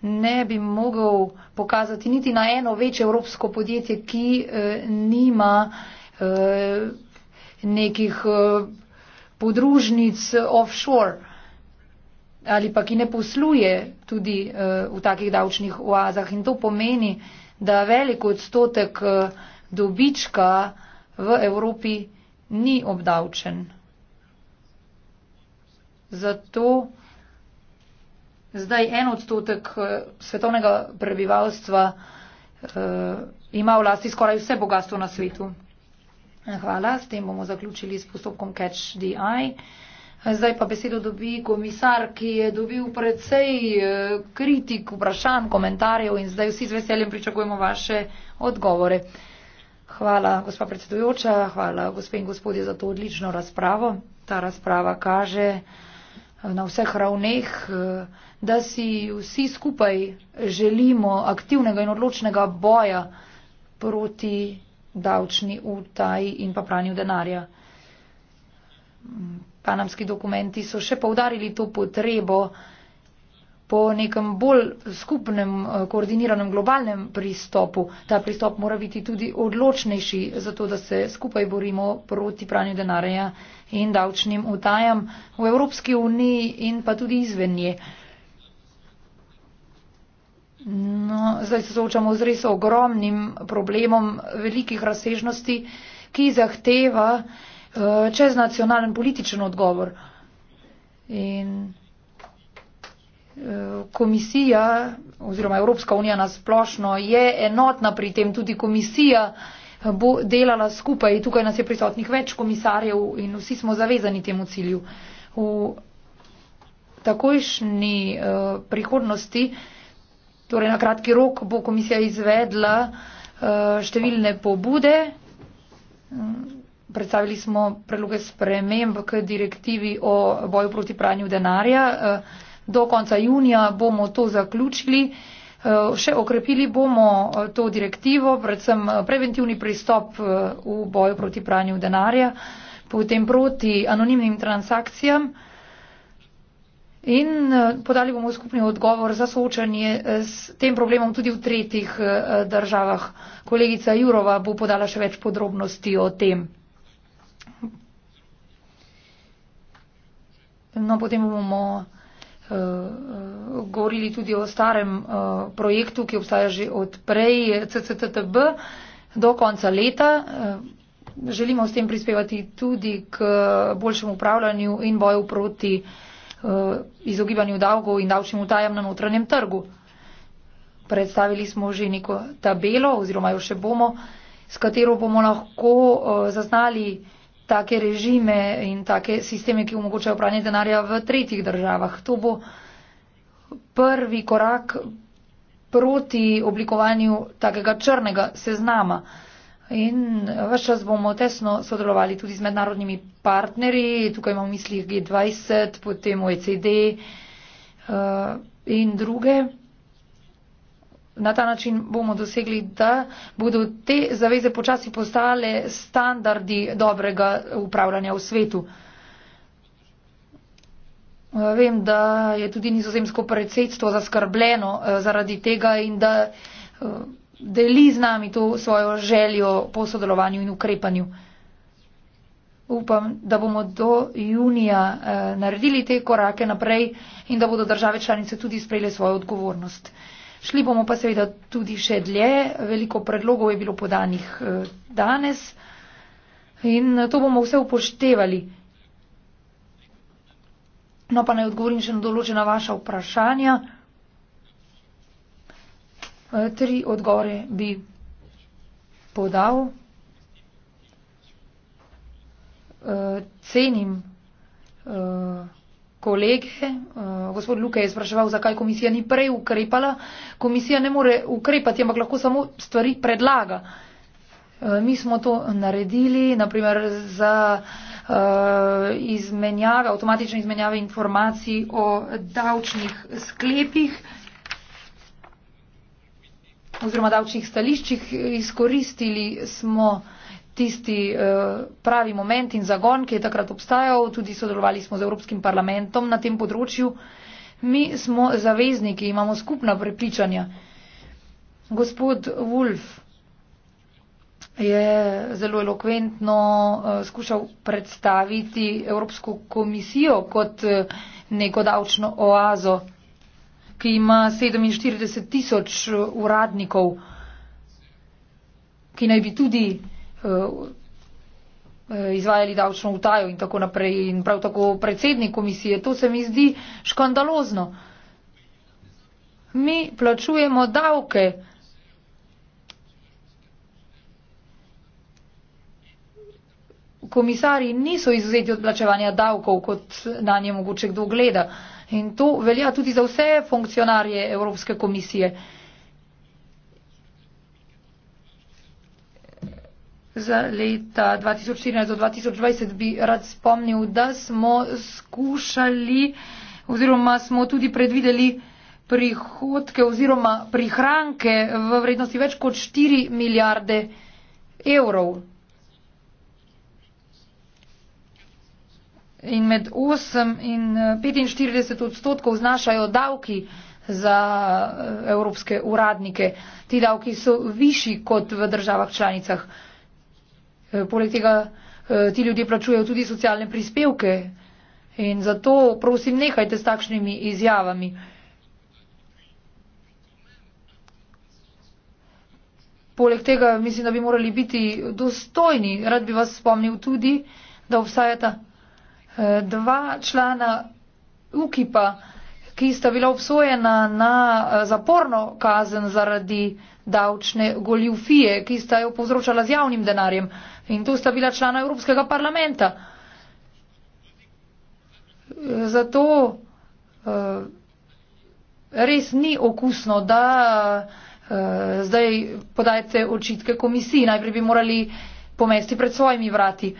ne bi mogel pokazati niti na eno večje evropsko podjetje, ki eh, nima eh, nekih eh, podružnic offshore ali pa ki ne posluje tudi eh, v takih davčnih oazah. In to pomeni, da veliko odstotek eh, dobička v Evropi ni obdavčen. Zato zdaj en odstotek svetovnega prebivalstva ima v lasti skoraj vse bogatstvo na svetu. Hvala. S tem bomo zaključili s postopkom Catch the Eye. Zdaj pa besedo dobi komisar, ki je dobil predvsej eh, kritik, vprašanj, komentarjev in zdaj vsi z veseljem pričakujemo vaše odgovore. Hvala, gospa predsedujoča, hvala, gospe in gospodje, za to odlično razpravo. Ta razprava kaže eh, na vseh ravneh, eh, da si vsi skupaj želimo aktivnega in odločnega boja proti davčni utaji in pa pranju denarja. Panamski dokumenti so še povdarili to potrebo po nekem bolj skupnem, eh, koordiniranem globalnem pristopu. Ta pristop mora biti tudi odločnejši, zato da se skupaj borimo proti pranju denarja in davčnim utajam v Evropski uniji in pa tudi izven nje. No, zdaj se soočamo z res ogromnim problemom velikih razsežnosti, ki zahteva uh, čeznacionalen političen odgovor. In eh, komisija oziroma Evropska unija nasplošno je enotna pri tem, tudi komisija eh, bo delala skupaj, tukaj nas je prisotnih več komisarjev in vsi smo zavezani temu cilju. V takojšnji uh, prihodnosti uh, Torej, na kratki rok bo komisija izvedla eh, številne pobude. Predstavili smo predloge sprememb k direktivi o boju proti pranju denarja. Eh, do konca junija bomo to zaključili. Eh, še okrepili bomo to direktivo, predvsem preventivni pristop v boju proti pranju denarja, potem proti anonimnim transakcijam. In eh, podali bomo skupni odgovor za soočanje eh, s tem problemom tudi v tretjih eh, državah. Kolegica Jurova bo podala še več podrobnosti o tem. No, potem bomo uh, govorili tudi o starem uh, projektu, ki obstaja že od prej CCTB do konca leta. Uh, želimo s tem prispevati tudi k boljšemu upravljanju in boju proti uh, Eh, izogibanju davkov in davčnim utajam na notranjem trgu. Predstavili smo že neko tabelo oziroma jo še bomo, s katero bomo lahko eh, zaznali take režime in take sisteme, ki omogočajo pranje denarja v tretjih državah. To bo prvi korak proti oblikovanju takega črnega seznama. In vse čas bomo tesno sodelovali tudi z mednarodnimi partnerji, tukaj imamo v mislih G20, potem OECD uh, eh, in druge. Na ta način bomo dosegli, da bodo te zaveze počasi postale standardi dobrega upravljanja v svetu. Eh, vem, da je tudi nizozemsko predsedstvo zaskrbljeno eh, zaradi tega in da deli z nami to svojo željo po sodelovanju in ukrepanju. Upam, da bomo do junija eh, naredili te korake naprej in da bodo države članice tudi sprejele svojo odgovornost. Šli bomo pa seveda tudi še dlje. Veliko predlogov je bilo podanih eh, danes in to bomo vse upoštevali. No pa naj odgovorim še na določena vaša vprašanja. Eh, tri odgovore bi podal. Eh, cenim eh, kolege. Gospod Luke je spraševal, zakaj komisija ni prej ukrepala. Komisija ne more ukrepati, ampak lahko samo stvari predlaga. Mi smo to naredili, naprimer za izmenjave, avtomatične izmenjave informacij o davčnih sklepih oziroma davčnih stališčih izkoristili smo tisti eh, pravi moment in zagon, ki je takrat obstajal, tudi sodelovali smo z Evropskim parlamentom na tem področju. Mi smo zavezniki, imamo skupna prepričanja. Gospod Wolf je zelo elokventno eh, skušal predstaviti Evropsko komisijo kot eh, neko davčno oazo ki ima 47 tisoč uh, uradnikov, ki naj bi tudi uh, uh, izvajali davčno utajo in tako naprej in prav tako predsednik komisije. To se mi zdi škandalozno. Mi plačujemo davke. Komisari niso izuzeti od plačevanja davkov, kot na nje mogoče kdo gleda. In to velja tudi za vse funkcionarje Evropske komisije. Za leta 2014 do 2020 bi rad spomnil, da smo skušali oziroma smo tudi predvideli prihodke oziroma prihranke v vrednosti več kot 4 milijarde evrov. In med 8 in 45 eh, odstotkov znašajo davki za eh, evropske uradnike. Ti davki so višji kot v državah članicah. Eh, poleg tega ti ljudje plačujejo tudi socialne prispevke. In zato prosim, nehajte s takšnimi izjavami. Poleg tega mislim, da bi morali biti dostojni. Rad bi vas spomnil tudi, da obstajata Eh, dva člana UKIP-a, ki sta bila obsojena na eh, zaporno kazen zaradi davčne goljufije, ki sta jo povzročala z javnim denarjem. In to sta bila člana Evropskega parlamenta. Eh, zato res ni okusno, da zdaj podajate očitke komisiji. Najprej bi morali pomesti pred svojimi vrati.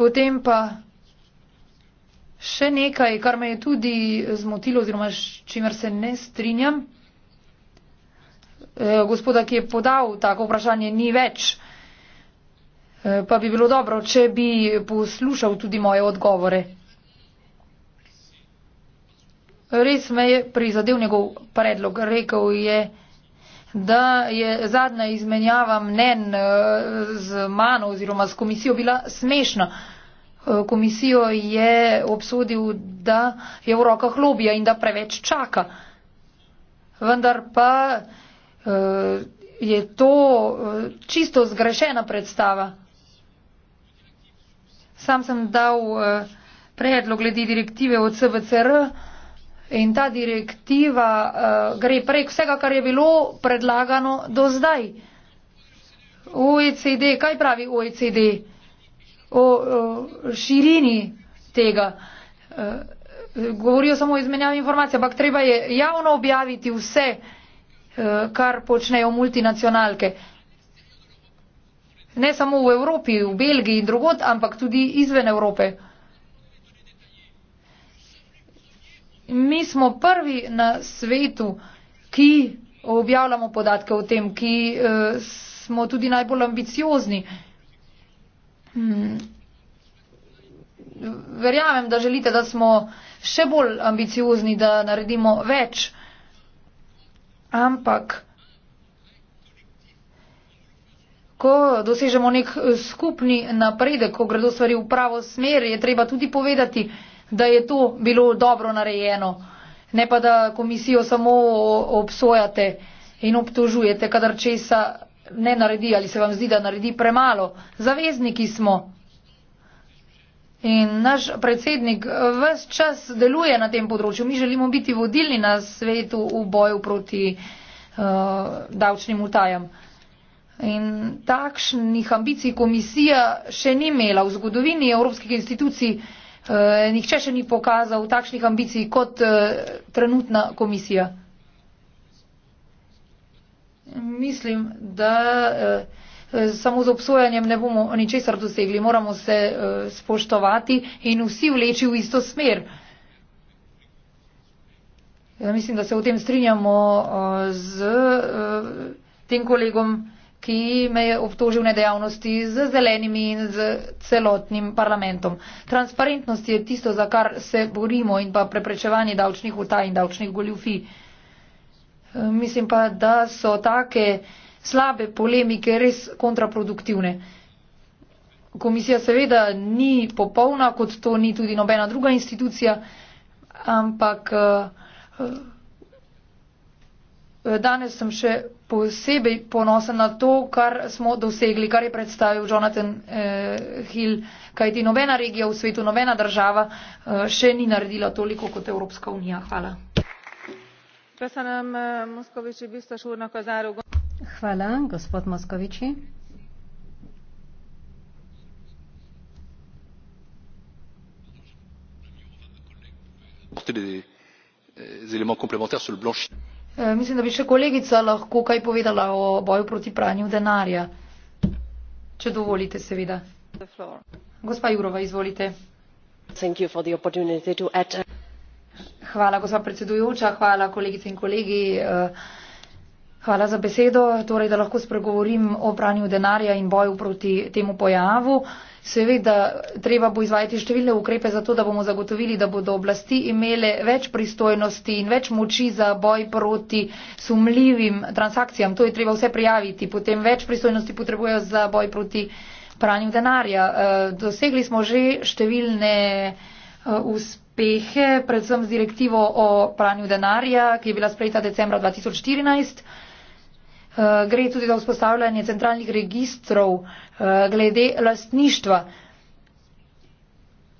Potem pa še nekaj, kar me je tudi zmotilo oziroma s čimer se ne strinjam. E, gospoda, ki je podal tako vprašanje, ni več. E, pa bi bilo dobro, če bi poslušal tudi moje odgovore. Res me je prizadel njegov predlog. Rekel je, da je zadnja izmenjava mnen eh, z mano oziroma s komisijo bila smešna. Eh, komisijo je obsodil, da je v rokah lobija in da preveč čaka. Vendar pa eh, je to čisto zgrešena predstava. Sam sem dal predlog glede direktive od CVCR in ta direktiva uh, gre prek vsega, kar je bilo predlagano do zdaj. OECD, kaj pravi OECD o, o širini tega? Uh, govorijo samo o izmenjavi informacij, ampak treba je javno objaviti vse, uh, kar počnejo multinacionalke. Ne samo v Evropi, v Belgiji in drugod, ampak tudi izven Evrope. mi smo prvi na svetu, ki objavljamo podatke o tem, ki uh, smo tudi najbolj ambiciozni. Hmm. Verjamem, da želite, da smo še bolj ambiciozni, da naredimo več, ampak ko dosežemo nek eh, skupni napredek, ko gredo stvari v pravo smer, je treba tudi povedati, uh, da je to bilo dobro narejeno, ne pa da komisijo samo obsojate in obtožujete, kadar česa ne naredi ali se vam zdi, da naredi premalo. Zavezniki smo. In naš predsednik ves čas deluje na tem področju. Mi želimo biti vodilni na svetu v boju proti uh, davčnim utajam. In takšnih ambicij komisija še ni imela v zgodovini evropskih institucij. Uh, Eh, nihče še ni pokazal takšnih ambicij kot eh, trenutna komisija. Mislim, da eh, samo z obsojanjem ne bomo ničesar dosegli. Moramo se spoštovati in vsi vleči v isto smer. Ja, mislim, da se o tem strinjamo z tem kolegom ki me je obtožil nedejavnosti z zelenimi in z celotnim parlamentom. Transparentnost je tisto, za kar se borimo in pa preprečevanje davčnih utaj in davčnih goljufij. E, mislim pa, da so take slabe polemike res kontraproduktivne. Komisija seveda ni popolna, kot to ni tudi nobena druga institucija, ampak e, e, danes sem še posebej ponosen na to, kar smo dosegli, kar je predstavil Jonathan eh, Hill, kajti nobena regija v svetu, nobena država eh, še ni naredila toliko kot Evropska unija. Hvala. Eh, Hvala, gospod Moskoviči. Z elementom eh, komplementarnim sur le blanchiment. Eh, mislim, da bi še kolegica lahko kaj povedala o boju proti pranju denarja, če dovolite, seveda. Gospa Jurova, izvolite. Uh, hvala, gospa predsedujoča, hvala kolegice in kolegi. Eh, hvala za besedo, torej, da lahko spregovorim o pranju denarja in boju proti temu pojavu. Uh, Seveda, treba bo izvajati številne ukrepe za to, da bomo zagotovili, da bodo oblasti imele več pristojnosti in več moči za boj proti sumljivim transakcijam. To je treba vse prijaviti. Potem več pristojnosti potrebujejo za boj proti pranju denarja. Eh, dosegli smo že številne eh, uspehe, predvsem z direktivo o pranju denarja, ki je bila sprejeta decembra 2014. Eh, gre tudi za vzpostavljanje centralnih registrov eh, glede lastništva.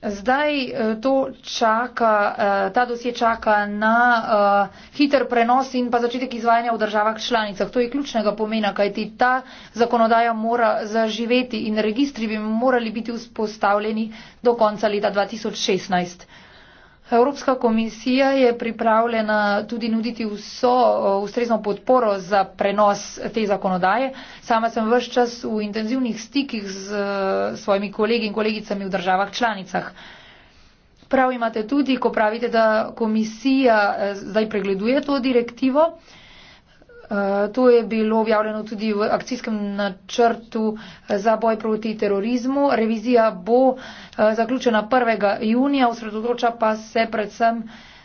Zdaj eh, to čaka, ta dosje čaka na hiter prenos in pa začetek izvajanja v državah članicah. To je ključnega pomena, kajti ta zakonodaja mora zaživeti in registri bi morali biti vzpostavljeni do konca leta 2016. Evropska komisija je pripravljena tudi nuditi vso eh, ustrezno podporo za prenos te zakonodaje. Sama sem vse čas v intenzivnih stikih z eh, svojimi kolegi in kolegicami v državah članicah. Prav imate tudi, ko pravite, da komisija eh, zdaj pregleduje to direktivo. Eh, to je bilo objavljeno tudi v akcijskem načrtu eh, za boj proti terorizmu. Revizija bo eh, zaključena 1. junija, osredotoča pa se predvsem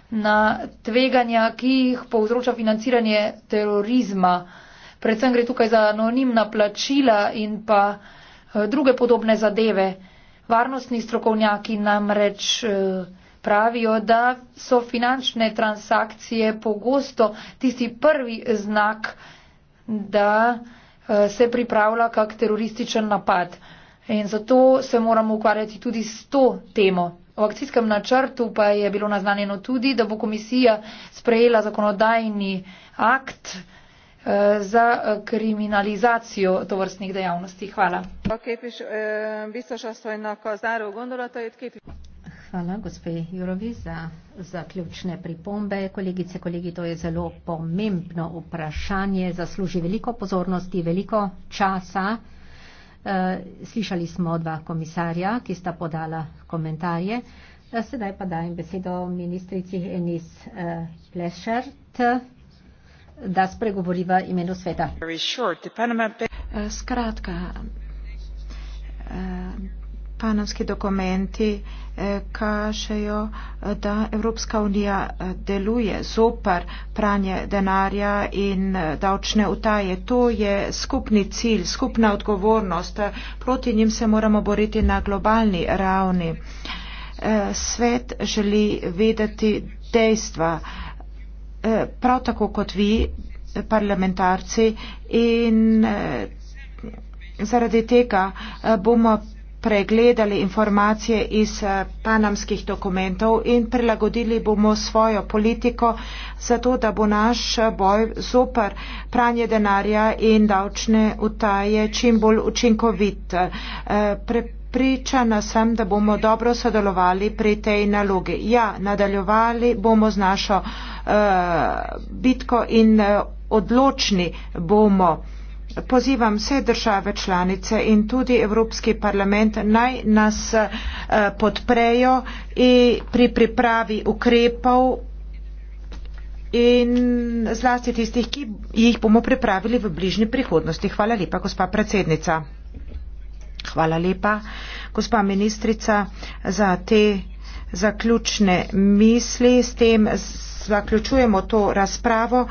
na tveganja, ki jih povzroča financiranje terorizma. Predvsem gre tukaj za anonimna plačila in pa druge podobne zadeve. Varnostni strokovnjaki namreč. Uh, pravijo, da so finančne transakcije pogosto tisti prvi znak, da eh, se pripravlja kak terorističen napad. In zato se moramo ukvarjati tudi s to temo. V akcijskem načrtu pa je bilo naznanjeno tudi, da bo komisija sprejela zakonodajni akt eh, za eh, kriminalizacijo tovrstnih dejavnosti. Hvala. Okay, piš, uh, Hvala, gospe Jurovi, za zaključne pripombe. Kolegice, kolegi, to je zelo pomembno vprašanje, zasluži veliko pozornosti, veliko časa. Eh, slišali smo dva komisarja, ki sta podala komentarje. Eh, sedaj pa dajem besedo ministrici Enis eh, Plešert, da spregovori v imenu sveta. Skratka panamski dokumenti eh, kažejo, eh, da Evropska unija eh, deluje zopar pranje denarja in davčne utaje. To je skupni cilj, skupna odgovornost. Proti njim se moramo boriti na globalni ravni. Svet želi vedeti dejstva, prav tako kot vi, parlamentarci, in zaradi tega bomo pregledali informacije iz eh, panamskih dokumentov in prilagodili bomo svojo politiko zato, da bo naš boj zoper pranje denarja in davčne utaje čim bolj učinkovit. Eh, Pre Pričana sem, da bomo dobro sodelovali pri tej nalogi. Ja, nadaljevali bomo z našo uh, bitko in uh, odločni bomo pozivam vse države članice in tudi Evropski parlament naj nas eh, podprejo pri pripravi ukrepov in zlasti tistih, ki jih bomo pripravili v bližnji prihodnosti. Hvala lepa, gospa predsednica. Hvala lepa, gospa ministrica, za te zaključne misli. S tem zaključujemo to razpravo.